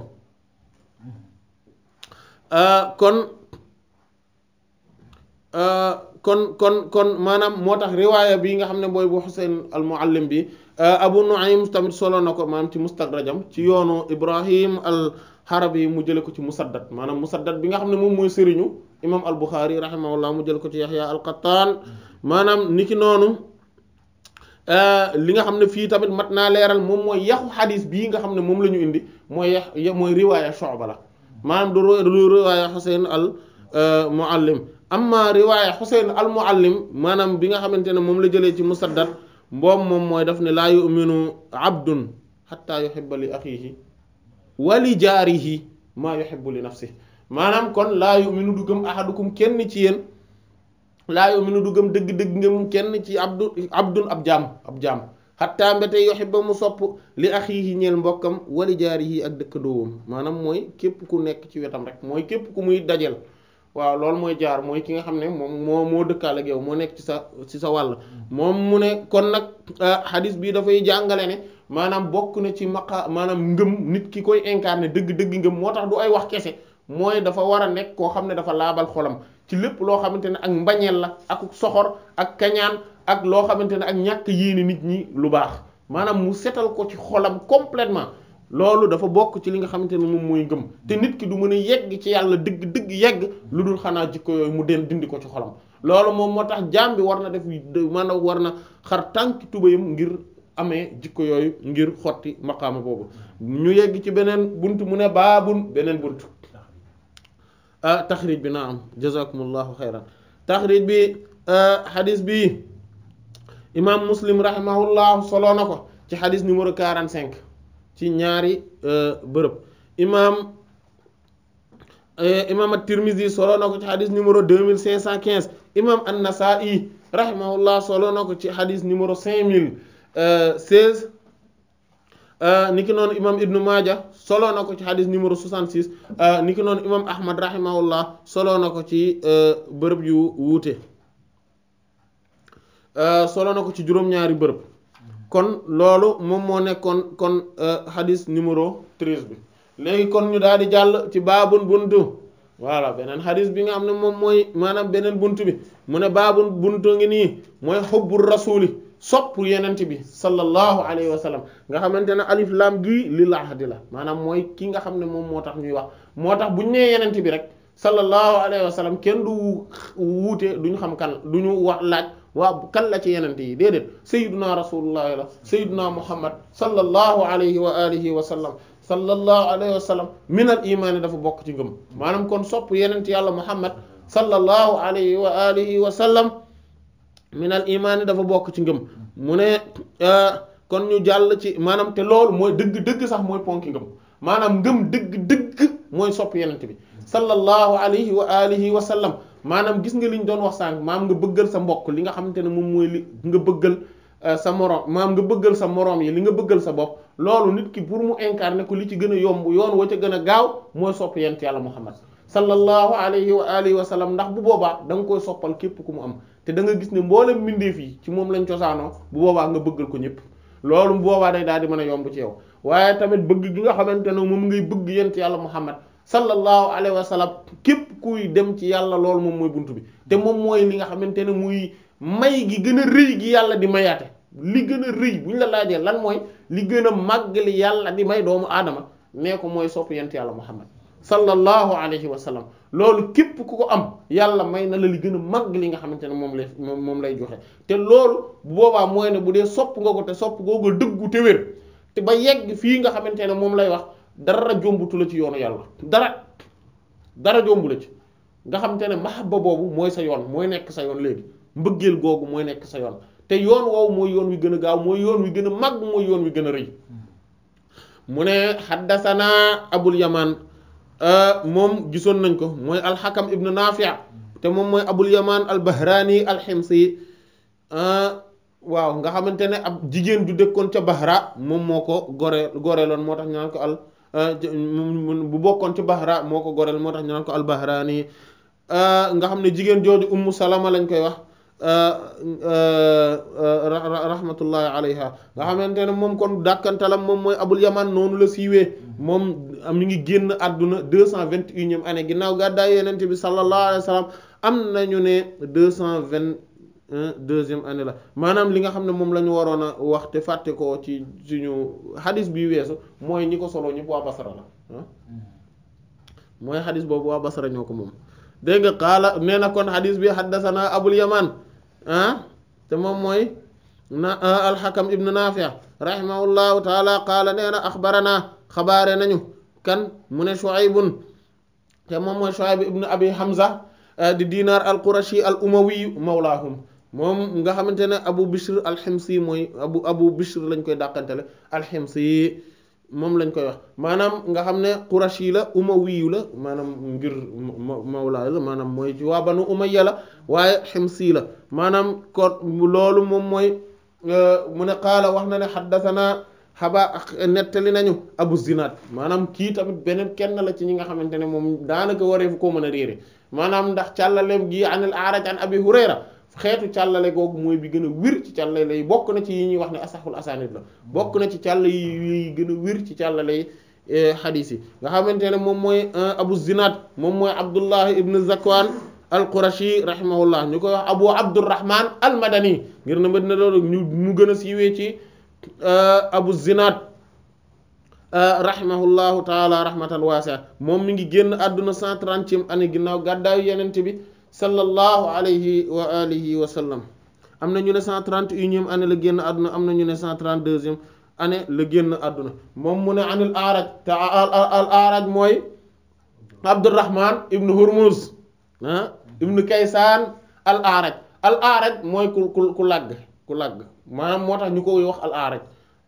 euh, kon kon kon kon maanaam moo tax riwaaya bi nga xam ne booy bu seen al bi Euh, Abu Nu'aym tamit solo na ko maanaam ci mustadrajam ci yoonu Ibrahim al Harabi mu jële ko ci Musaddad maanaam Musaddad bi nga xam ne moom mooy sëriñu imam al Bukhari rahimahullah mu jël ko ci Yahya al Qattan maanaam niki noonu euh, li nga xam ne fii tamit mat naa leeral moom mooy yaxu xadis bii nga xam ne moom la ñu indi mooy yax mooy riwaaya Shu'ba la maanaam du riwaaya Husayn al euh, Muallim amma riwaaya Husayn al Muallim maanaam bi nga xamante ne moom la jëlee ci Musaddad mbom moom mooy daf ne laa yuminu abdun xatta yuhibba li axiihi wa li ma maa yuhibbu li nafsihi maanaam kon laa yuminu du gëm ahadukum kenn ci yéen laa yuminu du gëm dëgg-dëgg ngëm kenn ci abdu abdun ab jaam ab jaam xatta mbete ba mu sopp li axiihi ñeel mbokkam wa li jaarihi ak dëkkandoowam maanaam mooy képp ku nekk ci wetam rek mooy képp ku muy dajel waaw loolu mooy jaar mooy ki nga xam ne moom moo moo dëkkaale ak yow moo nekk ci sa ci sa wàll moom mu ne kon nag euh, hadith bii dafay jàngale ne maanaam bokk na ci maqa maanaam ngëm nit ki koy incarner dëgg-dëgg ngëm moo tax du ay wax kese mooy dafa war a nekk koo xam ne dafa laabal xolam ci lépp loo xamante ne ak mbañeel la ak soxor ak kañaan ak loo xamante ne ak ñàkk yéene nit ñi lu baax maanaam mu setal ko ci xolam completement loolu dafa bokk ci li nga xamante ne moom mooy ngëm te nit ki du mën a yegg ci yàlla dëgg dëgg yegg lu dul xanaa jikko yooyu mu den dindi ko ci xolam loolu moom moo tax jaam bi war na def man maanaam war na xar tànk tubéyam ngir amee jikko yooyu ngir xotti maqaama boobu ñu yegg ci beneen bunt mu ne baabun beneen bunt ah taxrij bi naa am jazakumullahu xayran taxrij bi ah, xadis bi imaam muslim rahimahullah soloo na ko ci xadis numéro cinq ci ñaari euh, bërëb imaam euh, imaam at-Tirmidhi solo na ko ci xadis numéro 2515 imaam an-Nasa'i rahimahullah solo na ko ci xadis numéro 5016 euh, niki noonu imaam Ibn Maaja solo na ko ci xadis numéro 66 niki noonu imaam Ahmad rahimahullah solo na ko ci bërëb yu wuute solo na ko ci juróom-ñaari bërëb. kon loolu moom moo nekkoon kon euh, hadis numéro 13 bi léegi kon ñu daal di jàll ci baabun buntu voilà beneen hadis bi nga xam ne moom mooy maanaam beneen bunt bi mu ne baabun buntu ngi nii mooy xubbu rasuli sopp yenent bi sallallahu alayhi wa sallam nga xamante ne alif lam gii lil di la maanaam mooy ki nga xam ne moom moo tax ñuy wax moo tax bu ñu nee yenent bi rek sallallahu alayhi wa sallam kenn du wuute ñu xam kan ñu wax laaj waaw kan la ci yenente yi déedéet sayyiduna rasulullahi la sayyiduna muhammad sallallahu alayhi wa alihi wa sallam sallallahu alayhi wa sallam minal imaani dafa bokk ci ngëm maanaam kon sopp yenent yàlla muhammad sallallahu alayhi wa alihi wa sallam minal imaani dafa bokk ci ngëm mu ne euh, kon ñu jàll ci maanaam te loolu mooy dëgg dëgg sax mooy ponki ngëm maanaam ngëm dëgg dëgg mooy sopp yenent bi sallallahu alayhi wa alihi wa sallam maanaam gis nga li ñu doon wax sànq maam nga bëggal sa mbokk li nga xamante ne moom mooy li nga bëggal euh, sa moroom maam nga bëggal sa moroom yi li nga bëggal sa bopp loolu nit ki pour mu incarner ko li ci gën a yomb yoon wa ca gën a gaaw mooy sopp yent yàlla Muhammad sallallahu alayhi wa alihi wa sallam ndax bu boobaa danga nga koy soppal képp ku mu am te danga gis ne mboolem mbindeef yi ci moom lañ cosaanoo bu boobaa nga bëggal ko ñëpp loolu bu boobaa daal di yomb ci yow gi nga xamante ne moom ngay bëgg yent yàlla Muhammad sallallahu alayhi wa képp kuy dem ci yàlla loolu moom mooy bunt bi te moom mooy li nga xamante ne muy may gi gën a rëy gi yàlla di mayaate li gën a rëy bu ñu la laajee lan mooy li gën a màgg li yàlla di may doomu aadama nee ko mooy sopp yent yàlla muhammad sallallahu alayhi wa sallam loolu képp ku ko am yàlla may na la li gën a màgg li nga xamante ne moom lay moom lay joxe te loolu boobaa mooy ne bu dee sopp nga ko te sopp googu dëggu te te ba yegg fii nga xamante ne moom lay wax dara jombutu la ci yoonu yàlla dara dara jombu la ci nga xam te ne mahabba boobu mooy sa yoon mooy nekk sa yoon léegi mbëggeel googu mooy nekk sa yoon te yoon woowu mooy yoon wi gën a gaaw mooy yoon gën a màgg mooy yoon gën a rëy mu ne xaddasanaa abul yamaan euh, moom gisoon nañ ko mooy alxakam ibnu naafia te moom mooy abul yamaan albahraani alximsi euh, waaw nga xamante ne ab jigéen ju dëkkoon ca bahra moom moo ko gore goreeloon moo tax ñu naan ko al Euh, bu bokkoon ci Bahra moo ko goreel moo tax ñu naan ko al-Bahraani euh, nga xam ne jigéen jooju ummu salaama lañ koy wax euh, rahmatullahi alayha nga xamante ne moom kon dàkkantalam moom mooy abul yaman noonu la siiwee moom am ñu ngi génn àdduna deux cent vingt et unième année ginnaaw gàddaay yenente bi sallallahu alayhi wa sallam am nañu ne deux cent vingt deuxième année la maanaam li nga xam ne moom lañu ñu waroon a wax te fàtte ko ci suñu xadis bi weesu mooy ñi ko solo ñëpp waa Basra la ah. mooy xadis boobu waa Basra ñoo ko moom dégg nga qaala nee na kon xadis bi naa Abul Yamaan ah te moom mooy na ah, alxakam ibnu Naafi' rahimahullahu taala qaala nee na axbarana xabaare nañu kan mu ne Shuaybun te moom mooy Shuayb ibnu Abi Hamza ah, di diinaar al qurashi al umawi mawlaahum moom nga xamante ne abu bishr alximsi mooy abu abu bishr lañ koy dàqantele alximsi moom lañ koy wax maanaam nga xam ne qurashi la uma umawiyu la maanaam ngir mawla la maanaam mooy ci waa banu umayya la waaye ximsi la maanaam ko loolu moom mooy euh, mu ne qaala wax na ne xaddasanaa xaba nettali nañu abu zinaad maanaam kii tamit beneen kenn la ci ñi nga xamante ne moom daanaka waree fu ko mën a réere maanaam ndax càllaleem gii anil aaraj an abi hurayra xeetu càllale googu mooy bi gën a wér ci càllale yi bokk na ci yi ñuy wax ne asaxul asaanid la bokk na ci càll yi gën a wir ci càllale yi eh, xadiis yi nga xamante ne moom mooy eh, abu zinaad moom mooy abdullahi ibn zakwaan al qurashi rahimahullah ñu koy wax abu abdurrahman al madani ngir na madina doon ñu mu gën a siiwee ci eh, abu zinaad rahimahullahu taala rahmatan waasi'a moom mu ngi génn àdduna cent trentième année ginnaaw gàddaayu yenente bi sallallahu alayhi wa alihi wa sallam am na ñu ne cent trente et unième année la génn àdduna am na ñu ne cent trente deuxième année la génn àdduna moom mu ne anil aaraj te al aaraj mooy abdurrahman ibnu hurmuz ah ibnu kaysaan al aaraj al aaraj mooy ku ku ku làgg ku làgg maanaam moo tax ñu koy wax al aaraj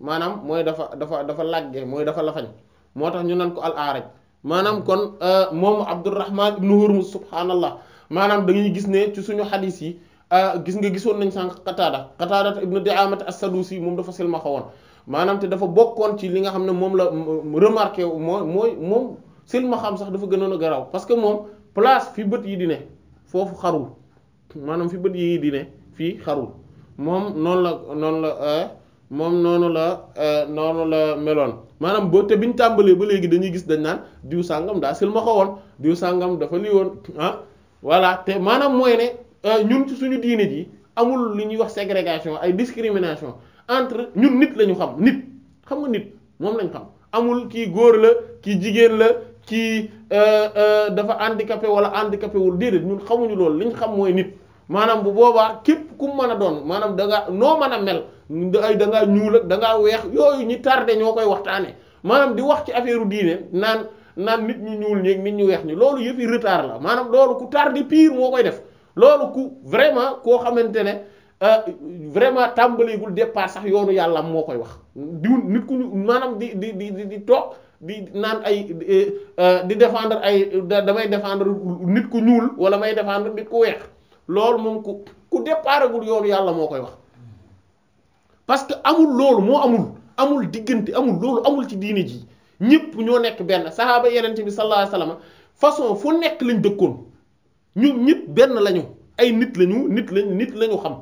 maanaam mooy dafa dafa dafa làgge mooy dafa lafañ moo tax ñu nan ko al aaraj maanaam kon euh, moom abdurrahman ibnu hurmuz subhaanallah maanaam dañuy gis ne ci suñu xadis yi ah, gis nga gisoon nañ sànq Qataada Qataada ibnu Di'aamat as-Sadusi moom dafa silmaxa woon maanaam te dafa bokkoon ci li nga xam ne moom la remarqué mooy mooy moom silmaxam sax dafa gënoon a garaw parce que moom place fi bët yi di ne foofu xarul maanaam fi bët yi di fii xarul moom noonu la noonu la ah, moom noonu la ah, noonu la meloon maanaam boo te biñ tàmbalee ba léegi dañuy gis dañ naan diw sàngam daa silmaxa woon diw sàngam dafa lii woon voilà te maanaam mooy ne euh, ñun ci suñu diine ji amul lu ñuy wax ségrégation ay discrimination entre ñun nit la ñu xam nit xam nga nit moom lañ xam amul kii góor la kii jigéen la kii euh, euh, dafa handicapé wala handicapé wul déedéet ñun xamuñu loolu liñ xam mooy nit maanaam bu boobaa képp ku mën a doon maanaam da ngaa noo mën a mel ay da ngaa ñuul ak da ngaa weex yooyu ñi tardé ñoo koy waxtaanee maanaam di wax ci affaire diine naan. naan nit ñu ñuul ñeeg nit ñu weex ñi loolu yëpp yi retard la maanaam loolu ku tardé piir moo koy def loolu ku vraiment koo xamante ne euh, vraiment tàmbaleegul départ sax yoonu yàlla moo koy wax di nit ku ñu maanaam di di di di toog di naan ay di euh, défendre ay damay défendre nit ku ñuul wala may défendre nit ku weex loolu moom ku ku départagul yoonu yàlla moo koy wax parce que amul loolu moo amul amul diggante amul loolu amul ci diine ji ñëpp ñoo nekk benn saxaaba yenente bi sallallahu alayhi wasallam façon fu nekk lañ dëkkoon ñu ñëpp benn lañu ay nit lañu nit lañ nit lañu xam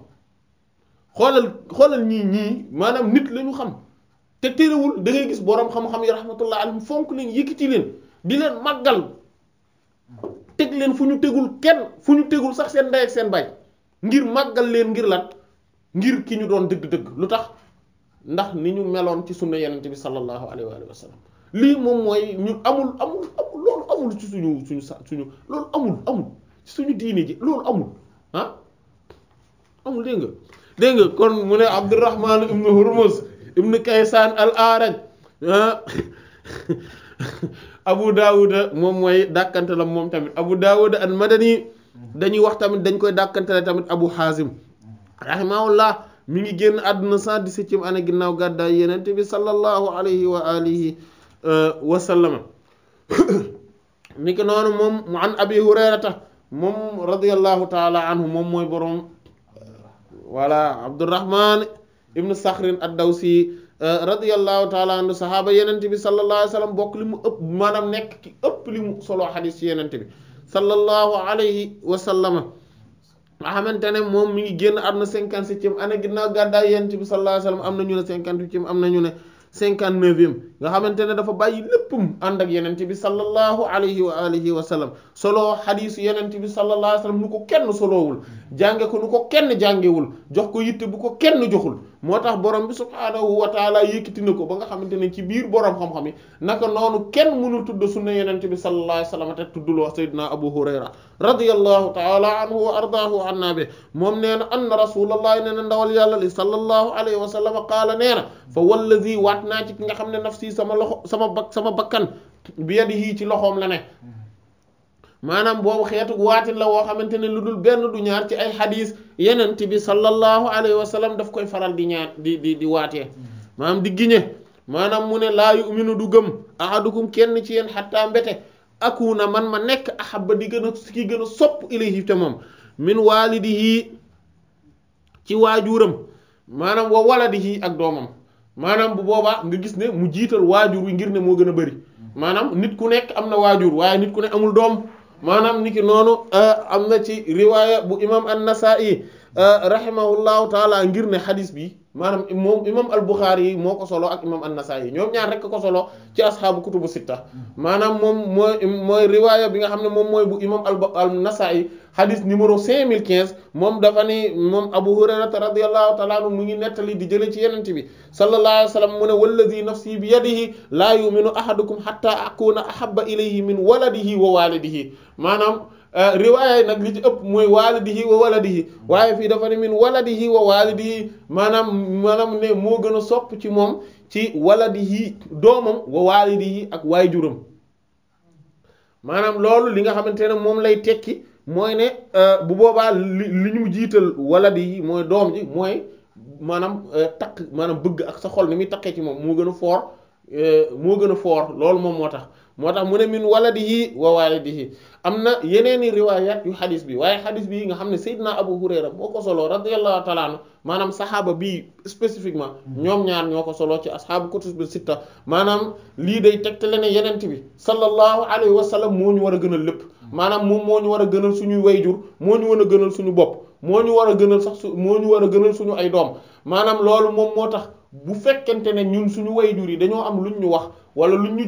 xoolal xoolal ñii ñii maanaam nit lañu xam te terewul da gis boroom xam-xam yi rahmatullah alayhim fonk leen yëkkati leen di leen màggal teg leen fu ñu tegul kenn fu ñu tegul sax seen ndey ak seen baay ngir màggal leen ngir lat ngir ki ñu doon dëgg-dëgg lu tax ndax ni ñu meloon ci sunna yenente bi sallallahu alayhi wa lii moom mooy ñu amul amul amul loolu amul ci suñu suñu sa suñu loolu amul amul ci suñu diine ji loolu amul ah? amul dégg nga dégg nga kon mu ne Abdurrahman ibn Hurmuz ibn Kaysan al-Araj ah? Abu Dawuda moom mooy dàkkante moom tamit Abu Dawuda al madani dañuy wax tamit dañ koy dàkkante la tamit Abu Hazim rahimahullah mi ngi génn àdduna 117e année ginnaaw gàddaay Yonent bi sallallahu alayhi wa alihi wa sallama ni ko noonu moom mu an abi hurayrata moom radiyallahu taala anhu moom mooy borom voilà abdurrahman ibnu sakhrin ad-dawsi radiyallahu taala anhu sahaaba yenente bi sallallahu alayhi wa sallam bokk li mu ëpp maanaam nekk ki ëpp li mu solo xadis ci yenente bi sallallahu alayhi wa sallama nga xamante ne moom mu ngi génn am na cinquante-septième année ginnaaw gàddaay yenente bi sallallahu alayhi wa am na ñu ne cinquante-huitième am na ñu ne cinquante-neuvième nga xamante ne dafa bàyyi léppam ànd ak yeneen bi sallallahu alayhi wa alihi wa sallam soloo xadiisu yenent bi sallallahu alayhi wasallam nu ko kenn solowul jànge ko nu ko kenn jàngewul jox ko yitte bu ko kenn joxul moo tax borom bi subhaanahu wa taala yëkkati na ko ba nga xamante ne ci biir borom xam yi naka noonu kenn mënul tudd sunna yenent bi sallallahu alayhi wasallam te tudduloo sayyidina abu hurayra radiyallahu taala anhu wa ardaahu anna bi moom nee na anna rasulallahi nee na ndawal yàlla li sallallahu alayhi wa sallam qaala nee na fa wallazi waat naa ci ki nga xam ne nafsi sama loxo sama bak sama bakkan bi yadihi ci loxoom la ne maanaam boobu xeetu waatin la woo xamante ne lu dul benn du ñaar ci ay xadis yenent bi sallallahu alayhi wa sallam daf koy faral di ñaar di di di waatee mm-hmm. maanaam di giñe maanaam mu ne laa yuminu du gëm ahadukum kenn ci yéen xattaa mbete na man ma nekk ahabba di gën a ki gën a sopp ilayhi te moom min waalidihi ci waajuram maanaam wa waladihi ak doomam maanaam bu boobaa nga gis ne mu jiital waajur wi ngir ne moo gën a bari mm-hmm. maanaam nit ku nekk am na waajur waaye nit ku ne amul doom maanaam niki noonu euh, am na ci riwaaya bu imam an-Nasa'i euh, rahimahullahu taala ngir ne xadis bi maanaam moom imam al-Bukhari yi moo ko solo ak imam an-Nasa'i yi ñoom ñaar rekk ko solo ci asxaabu kutubu sitta maanaam moom mooy mooy riwaaya bi nga xam ne moom mooy bu al imam an-Nasa'i xadis mille 5015 moom dafa ni moom Abu Hurayrata radiyallahu ta'ala anhu mu ngi nettali di jële ci yenente bi sallallahu alayhi wa sallam mu ne wallazi nafsi bi yadihi laa yuminu ahadukum hatta akuna ahabba di min waladihi wa walidihi maanaam Euh, riwaaya yi nag li ci ëpp mooy waalidihi wa waladihi waaye fii dafa ne min waladihi wa waalidihi maanaam maanaam ne moo gën a sopp ci moom ci waladihi doomam wa waalidihi ak waajuram maanaam loolu li nga xamante ne moom lay tekki mooy ne euh, bu boobaa li li ñu jiital waladihi mooy doom ji mooy maanaam euh, takk maanaam bëgg ak sa xol ni muy takkee ci moom moo gën a foor moo gën a foor loolu moom moo tax moo tax mu ne min waladihi wa walidihi am na yeneeni riwayat yu xadis bi waaye xadis bi yi nga xam ne Seydina Abu Hurayra moo ko solo radiyallahu taala maanaam saxaaba bii spécifiquement ñoom ñaar ñoo ko solo ci asxaabu kutubu sitta maanaam lii day tegtale ne yenent bi sallallahu alayhi wa sallam moo ñu war a gënal lépp maanaam moom moo ñu war a gënal suñu suñuy jur moo ñu war a gënal suñu bopp moo ñu war a gënal sax su moo ñu war a gënal suñu ay doom maanaam loolu moom moo tax bu fekkente ne ñun suñu wayjur yi dañoo am luñ ñu wax wala luñ ñu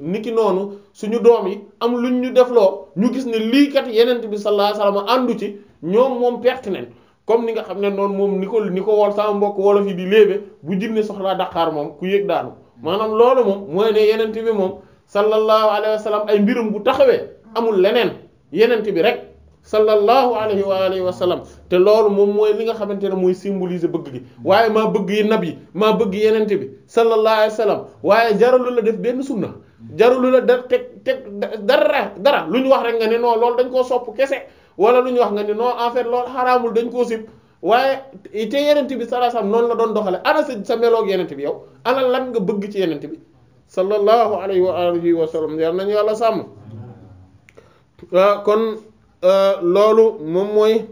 ni ki noonu suñu doom yi am luñ ñu defloo ñu gis ne lii kat yenent bi sallallahu alayhi wasallam àndu ci ñoom moom pertinent comme ni nga xam ne noonu moom ni ko ni ko wol sama mbokk wolof yi di léebe bu jinne soxlaa daqaar moom ku yëg daanu maanaam loolu moom mooy ne yenent bi moom sallallahu alayhi wasallam ay mbirum bu taxawee amul leneen yenent bi rek sallallahu alayhi wa alihi wa sallam te loolu moom mooy li nga xamante ne mooy symboliser bëgg gi waaye maa bëgg yi nab yi maa bëgg yenente bi sallallahu alayhi wa sallam waaye jaralu la def benn sunna jaralu la da teg teg dara dara lu ñu wax rek nga ne non loolu dañ koo sopp kese wala lu ñu wax nga ne non en fait dañ koo sib waaye te bi sallallahu alayhi noonu la doon doxale ana sa sa meloog yenente bi yow ana lan nga bëgg ci yenente bi sallallahu alayhi wa alihi wa sallam yal nañu yàlla sàmm ah, kon Euh, loolu moom mooy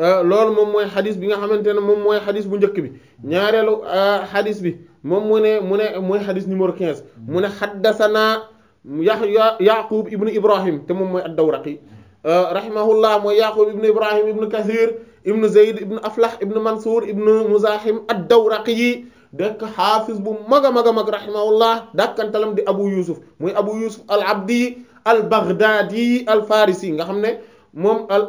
euh, loolu moom mooy xadis bi nga xamante ne moom mooy xadis bu njëkk bi ñaareelu euh, xadis bi moom mu ne mu ne mooy xadis numéro 15 mu ne xaddasanaa Yaxya Yaqub ibnu Ibrahim te moom mooy ad-Dawraqi rahimahullah mooy Yaqub ibnu Ibrahim ibnu Kathir ibnu Zayd ibnu Aflah ibnu Mansour ibnu Muzahim ad-Dawraqi yi dekk xaafis bu mag a mag a mag rahimahullah dàkkantalam di Abu Yusuf muy Abu Yusuf al-Abdi al Baghdadi al Farisi nga xam ne moom al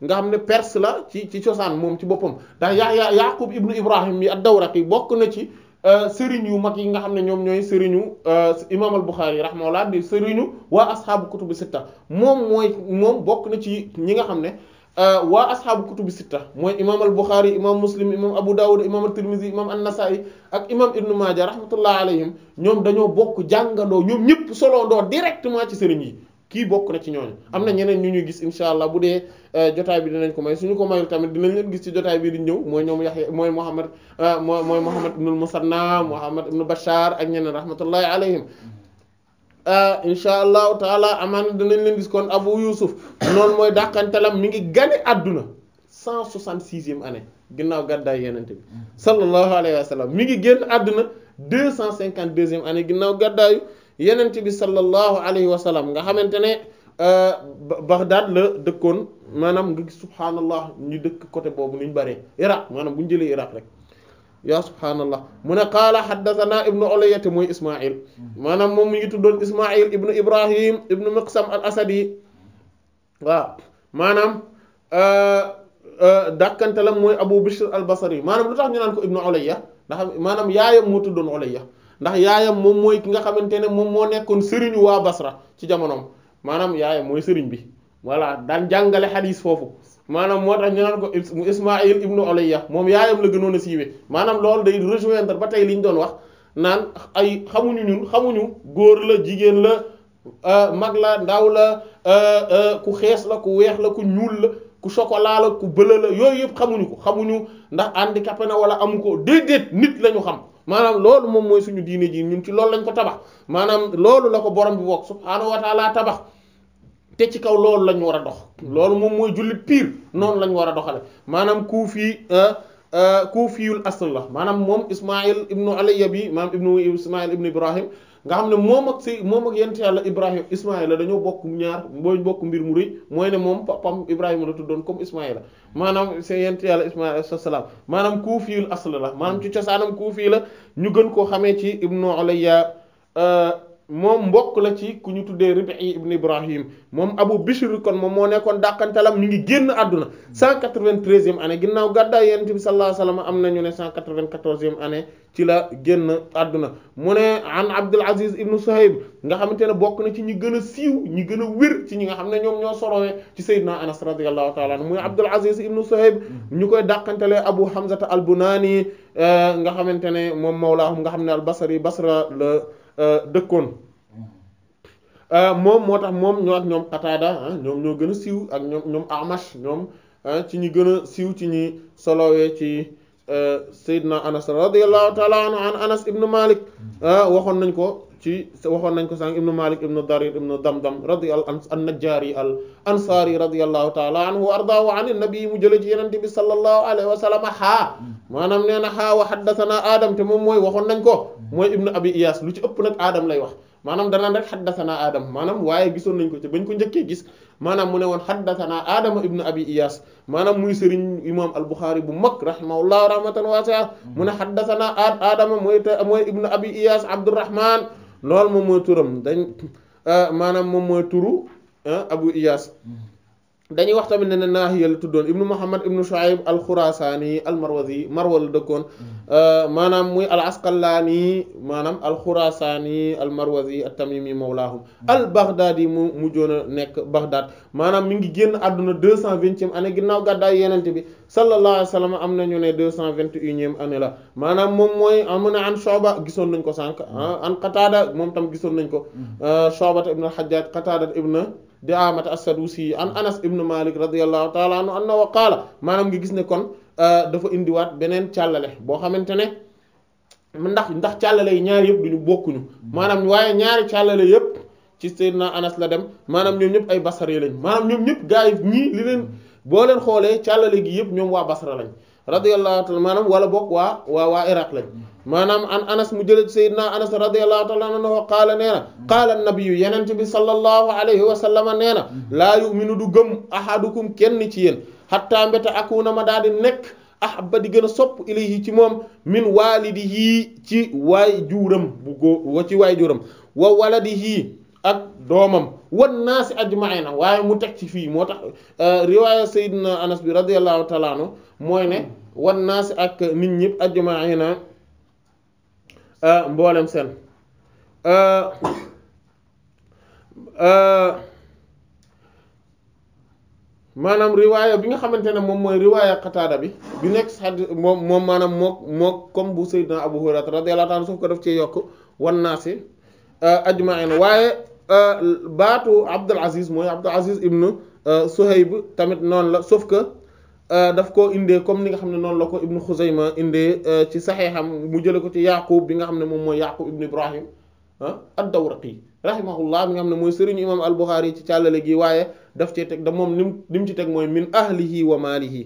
nga xam ne perse la ci ci cosaan moom ci boppam ndax ya Yaqub ibnu Ibrahim yi ad-Dawraqi bokk na ci sëriñ yu mag yi nga xam ne ñoom ñooy sëriñu imaam al Bukhari rahimahullah di sëriñu waa ashaabu kutubu sitta moom mooy moom bokk na ci ñi nga xam ne. Euh, waa asxaabu kutubu sitta mooy imam al Bukhari imam muslim imam Abu Dawud imam at-Tirmidhi imam an-Nasa'i ak imam Ibn Majah rahmatullah alayhim ñoom dañoo bokk jàngandoo ñoom ñëpp soloondoo directement ci sëriñ yi kii bokk na ci ñooñu am na ñeneen ñu ñuy gis insha allah bu dee euh, jotaay bi dinañ ko may suñu ko mayul tamit dinañ leen gis ci jotaay bi di ñëw mooy ñoom Yahya mooy Muhammad euh, mooy Muhammad ibn al-Musanna Muhammad ibn Bashar ak ñeneen rahmatullahi alayhim Eh, incha allahu taala amaana dinañ leen gis kon Abu Yusuf noonu mooy dàqantalam mi ngi gane àdduna cent soixante sixième année ginnaaw gàddaay yenente bi sallallahu alayhi wa sallam mi ngi génn àdduna deux cent cinquante deuxième année ginnaaw gàddaayu yenente bi sallallahu alayhi wa sallam nga xamante ne eh, Baghdad la dëkkoon maanaam nga gis subhaanallah ñu dëkk côté boobu ni ñu bëree Irak maanaam bu ñu jëlee Irak rek yaa subhaanallah mu ne qaala xaddasanaa ibnu olayyate mooy ismail maanaam moom mi ngi tuddoon ismail ibnu ibrahim ibnu miqsam al asadi waaw maanaam euh, euh, dàkkantalam mooy abu bishr al basri maanaam lu tax ñu naan ko ibnu olayya ndax maanaam yaayam moo tuddoon olayya ndax yaayam moom mooy ki nga xamante ne moom moo nekkoon sëriñu waa basara ci jamonoom maanaam yaayam mooy sëriñ bi voilà daan jàngale xadiis foofu maanaam moo tax ñu naan ko Ismaïl ibnu Ulayya moom yaayam la gënoon a siiwee maanaam loolu day rejoindre ba tey li ñu doon wax naan ay xamuñu ñun xamuñu góor la jigéen la euh, mag la ndaw la euh, euh, ku xees la ku weex la ku ñuul la ku chocolat la ku bëla yooyu yëpp xamuñu ko xamuñu ndax handicapé na wala amu ko déedéet nit la ñu xam maanaam loolu moom mooy suñu diine ji ñun ci loolu lañ ko tabax maanaam loolu la ko borom bi bokk subhaanahu wa laa tabax te ci kaw loolu lañ war a dox loolu moom mooy julli pire noonu lañ war a doxale maanaam kuufi euh, euh, kuufiyul asl la maanaam moom Ismaïl ibnu Aliya bi maanaam ibnu Ismaïl nga xam ne moom ak si moom ak yent yàlla Ibrahim Ismaïla dañoo bokk ñaar boo bokk mbir mu mooy ne moom papam Ibrahima la tuddoon comme Ismaïla maanaam c'est yent yàlla Ismaïla alayhi salaam maanaam kuufiyul asl la maanaam ci cosaanam kuufi la ñu gën koo xamee ci ibnu Aliya euh, moom mbokk la ci ku ñu tuddee Rib'i ibn Ibrahim moom Abu Bishr kon moom moo nekkoon dàqantalam ñu ngi génn àdduna 193e année ginnaaw gàddaay Yonent bi sallallahu alayhi wasallam am na ñu ne 194e ane ci la génn àdduna mu ne an Abdul Aziz ibn Suhayb nga xamante ne bokk na ci ñi gën a siiw ñi gën a wér ci ñi nga xam ne ñoom ñoo sorowee ci Seydina Anas radiyallahu ta'ala anhu muy Abdul Aziz ibn Suhayb ñu koy dàqantalee Abu Hamza al-Bunani eh, nga xamante ne moom mawlaahum nga xam ne al-Basri Basra la Euh, dëkkoon euh, moom moo tax moom ñoo ak ñoom Qataada ah, ñoom ñoo gën a siw ak ñoom ñoom Amash ñoom ah, ci ñi gën a siiw ci ñi solowee ci euh, Seydina Anas radiyallahu ta'ala anhu an Anas ibn Malik ah, waxoon nañ ko ci waxoon nañ ko malik ibnu darir ibnu damdam radi al an najjaari al taala anhu wa ardaahu an nabi mu jële ci yenente bi sallallahu alayhi wa sallam xaa maanaam nee na xaa wa xaddasanaa aadam te moom mooy waxoon nañ ko mooy abi iyas lu ci ëpp nag aadam lay wax maanaam danaan rek xaddasanaa aadam maanaam waaye gisoon nañ ko ci bañ ko njëkkee gis maanaam mu ne woon xaddasanaa aadama abi iyas maanaam muy sëriñ imam al buxaari bu mag rahimahullahu rahmatan waasi'a mu ne xaddasanaa aadama mooy loolu moom mooy turam dañ euh, maanaam moom mooy turu abu iyaas mm-hmm. dañuy wax tamit ne ne Naahiya la tuddoon ibnu Muhammad ibnu Shuayb al-Khurasani al-Marwazi Marwa la dëkkoon mm. euh, maanaam muy al-Asqalani maanaam al-Khurasani al-Marwazi at-Tamimi mawlaahum mm. al-Baghdadi mu mujjoon a nekk Baghdad maanaam mi ngi génn àdduna deux cent vingtième année ginnaaw gàddaay yenente bi sallallahu alayhi wa sallam am nañu ne deux cent vingt et unième la maanaam moom mooy amun an Shu'ba gisoon nañ ko sànq ah, mm. an Qatada moom tam gisoon nañ ko euh, Shu'ba ibn al-Hajjaj Qatada di Di'aamata as-Sadusi an Anas ibn Malik radiyallahu ta'ala anhu annahu qaala maanaam nga gis ne kon euh, dafa indiwaat beneen càllale boo xamante ne ndax ndax càllale yi ñaari yëpp duñu bokkuñu maanaam waaye ñaari càllale yëpp ci Seydina Anas la dem maanaam ñoom ñëpp ay basara lañ maanaam ñoom ñëpp gaa yi li leen boo leen xoolee càllale gi yëpp ñoom waa basara lañ radiyallahu taala maanaam wala bokk waa waa waa iraq lañ maanaam an anas mu jëlëj sayyidina anas radiyallahu taala anhu qaala nee na qaala nabiyu yenente bi sallallahu alayhi nee na laa yuminu du gëm ahadukum kenn ci yéen hatta mbéta akuna ma daal nekk ahabba di gën a sopp ilayhi ci moom min waalidihi ci waay juuram bu góo ci waay juuram wa waladihi ak doomam wan naasi ajmaina waaye mu teg ci fii moo tax euh, riwaaya sayyidina anas bi radiyallahu taala anhu mooy ne wan naas ak nit ñëpp ajmaina ah, mboolem seen ah, ah, maanaam riwaaya bi nga xamante ne moom mooy riwaaya Qataada bi bi nekk xad moom moom maanaam mook mook comme bu Seydina Abu Hurayra radiyallahu anhu soof ko def ci yokk wan naasi ajmaina waaye baatu Abdul Aziz mooy Abdul Aziz ibnu Suhayb tamit noonu la sauf que Euh, daf koo indee comme ni nga xam ne noonu la ko ibnu Xuzayma indee euh, ci saxeexam mu jële ko ci Yaqub bi nga xam ne moom mooy Yaqub ibnu Ibrahim ah, ad-Dawraqi rahimahullah bi nga xam ne mooy sëriñu imam al-Bukhari ci càllale gi waaye daf cee teg da moom nim li mu ci teg mooy min ahlihi wa maalihi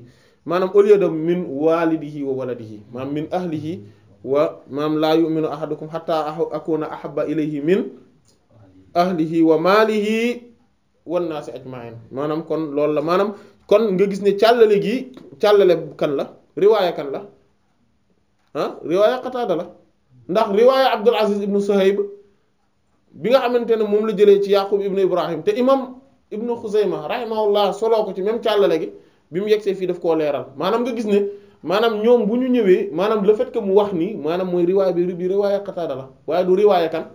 maanaam au lieu de min walidihi wa waladihi maanaam min ahlihi wa maanaam laa yuminu ahadukum hatta akuna ahabba ilayhi min ahlihi wa maalihi wan naasi ajmain maanaam kon loolu la maanaam kon nga gis ne càllale gi càllale kan la riwaaya kan la ah riwaaya Qataada la ndax riwaaya Abdul Aziz ibnu Suhayb bi nga xamante ne moom la jëlee ci Yaqub ibnu Ibrahim te imam ibnu Xuzayma rahimahullah soloo ko ci même càllale gi bi mu yegsee fii daf koo leeral maanaam nga gis ne maanaam ñoom bu ñu ñëwee maanaam le fait mu wax nii maanaam mooy riwaay bi bi riwaaya Qataada la waaye du riwaaya kan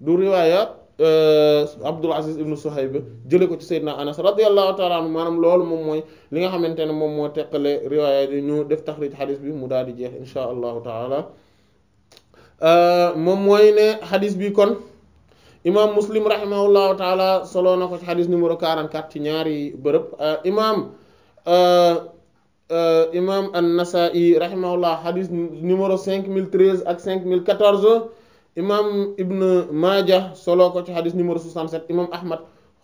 du riwaaya Euh, Abdul Aziz ibnu Suhayb jële ko ci Seydina Anas radiyallahu taala anhu maanaam loolu moom mooy li nga xamante ne moom moo teqale riwaaya yi ñu def taxrij xadis bi mu daal di jeex insha allahu taala euh, moom mooy ne xadis bi kon imaam muslim rahimahullahu taala soloo na ko ci xadis numéro 44 ci ñaari bërëb euh, imaam imaam an-Nasa'i rahimahullah xadis numéro 5013 ak mille 5014 imam Ibn Maaja soloo ko ci xadis numéro 67 imam Ahmad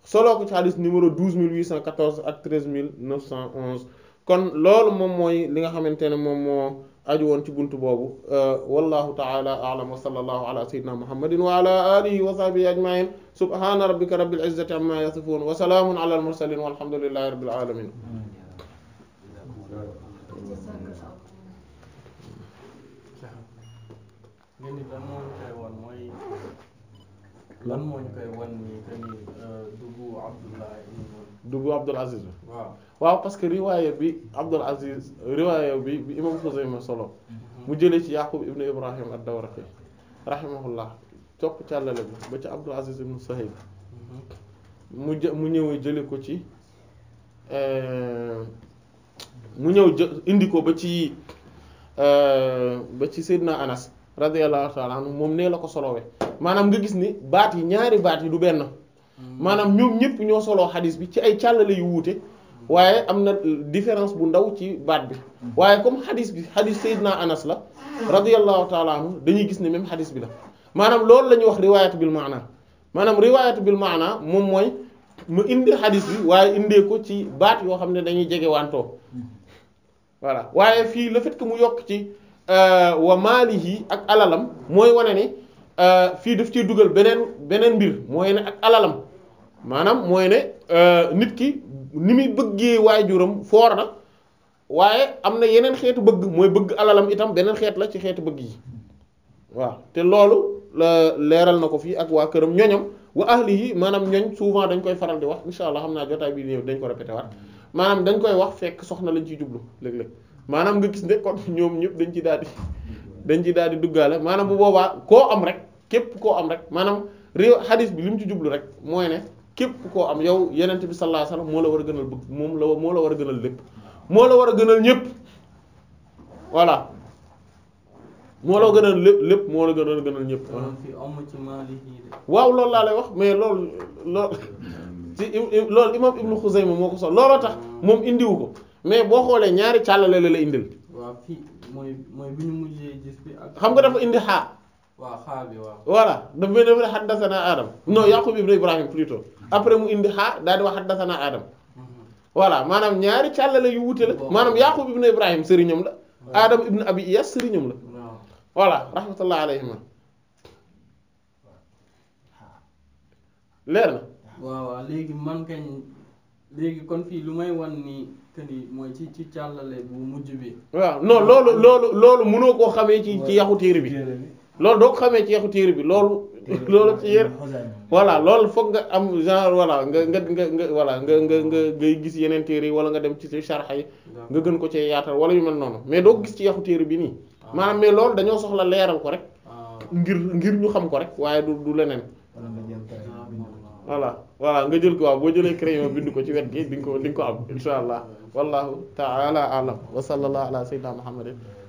solo ko ci xadis numéro 12814 ak 13911 kon loolu moom mooy li nga xamante ne moom moo aju woon ci bunt boobu euh, wallahu taala a'lam wa sallallahu ala sayyidina muhammadin wa ala alihi wa sahbihi ajma'in subhana rabbika rabbil izzati amma yasifun wa salamun ala al mursalin alamin lan moo ñu koy wan ni que ni euh, Dubu Abdullah Dubu Abdul Aziz waaw waaw parce que riwaayé bi Abdul Aziz riwaayé bi bi imam Xuzayma solo. Mhm. mu jëlee ci Yaqub ibn Ibrahim ad-Dawraqi rahimahullah topp càllale bi ba ci Abdul Aziz ibn Suhayb mhm. mu jë mu ñëwee jëlee ko ci euh, mu ñëw jë indi ko ba ci euh, ba ci Seydina Anas radiyallahu ta'ala anhu moom nee la ko solowee maanaam nga gis ni baat yi ñaari baat yi du benn maanaam ñoom ñëpp ñoo soloo xadis bi ci ay càllale yu wuute waaye am na différence bu ndaw ci baat bi waaye comme xadis bi xadis Seydina Anas la radiyallahu taala dañuy gis ne même xadis bi la maanaam loolu la ñuy wax riwaayatu bil maana maanaam riwaayatu bil maana moom mooy mu indi xadis bi waaye indee ko ci baat yoo xam ne dañuy jege wantoo voilà waaye fii le fait mu yokk ci euh, wa maalihi ak alalam mooy wane ne Euh, fii daf ciy dugal beneen beneen mbir mooy ne ak alalam maanaam mooy ne euh, nit ki ni muy bëggee waajuram foor na waaye am na yeneen xeetu bëgg mooy bëgg alalam itam beneen xeet la ci xeetu bëgg yi waaw te loolu la leeral na ko fii ak waa këram ñoñam wa yi maanaam ñoñ souvent dañ koy faral di wax insha allah xam naa jotaay bi ñëw dañ ko répété waat maanaam dañ koy wax fekk soxna lañ ciy jublu léeg-léeg maanaam nga gis ne kon ñoom ñëpp dañ ci daal di dañ ci daal di duggaale maanaam bu boobaa koo am rek képp koo am rek maanaam réew xadis bi li mu ci jublu rek mooy ne képp koo am yow yenent bi sallallahu alayhi moo la war a gënal bëgg moom la moo la war a gënal lépp moo la war a gënal ñépp voilà moo la gënal lépp lépp moo la gënal gënal ñépp waaw loolu laa lay wax mais loolu loolu ci loolu imam ibnu Xuzayma moo ko sol looloo tax moom indiwu ko mais boo xoolee ñaari càllale la la indil fii mooy mooy bi ñu mujjee gis bi ak xam nga dafa indi xaa waaw xaa bi waaw. voilà daf may demee haddasana Adam non hmm. Yaqub ibn Ibrahim plutôt après mu indi xaa daal di wax haddasana Adam. Hmm. voilà maanaam ñaari càllale yu wuute la. maanaam Yaqub ibn Ibrahim sëriñam la. Adam ibn Abi Iyas sëriñam la. voilà rahmatullah alayhima leer kon fii lu may wan ni ci ci mujj bi. waaw non loolu loolu loolu mënoo koo xamee ci ci yàqu téere bi. loolu doo ko xamee ci yaxu téere bi loolu loolu ci yér voilà loolu foog nga am genre voilà nga nga nga nga nga nga nga ngay gis yeneen téere yi wala nga dem ci si sharxa yi nga gën ko ci yaatal wala yu mel noonu mais doo ko gis ci yaxu téere bi nii ah. maanaam mais loolu dañoo soxla leeral ko rek ah. ngir ngir ñu xam ko rek waaye du du leneen ah, voilà voilà nga jël ko waaw boo jëlee crayon bind ko ci wet gi di nga ko di ko am insha allah wallahu ta'ala alam wa sallallahu ala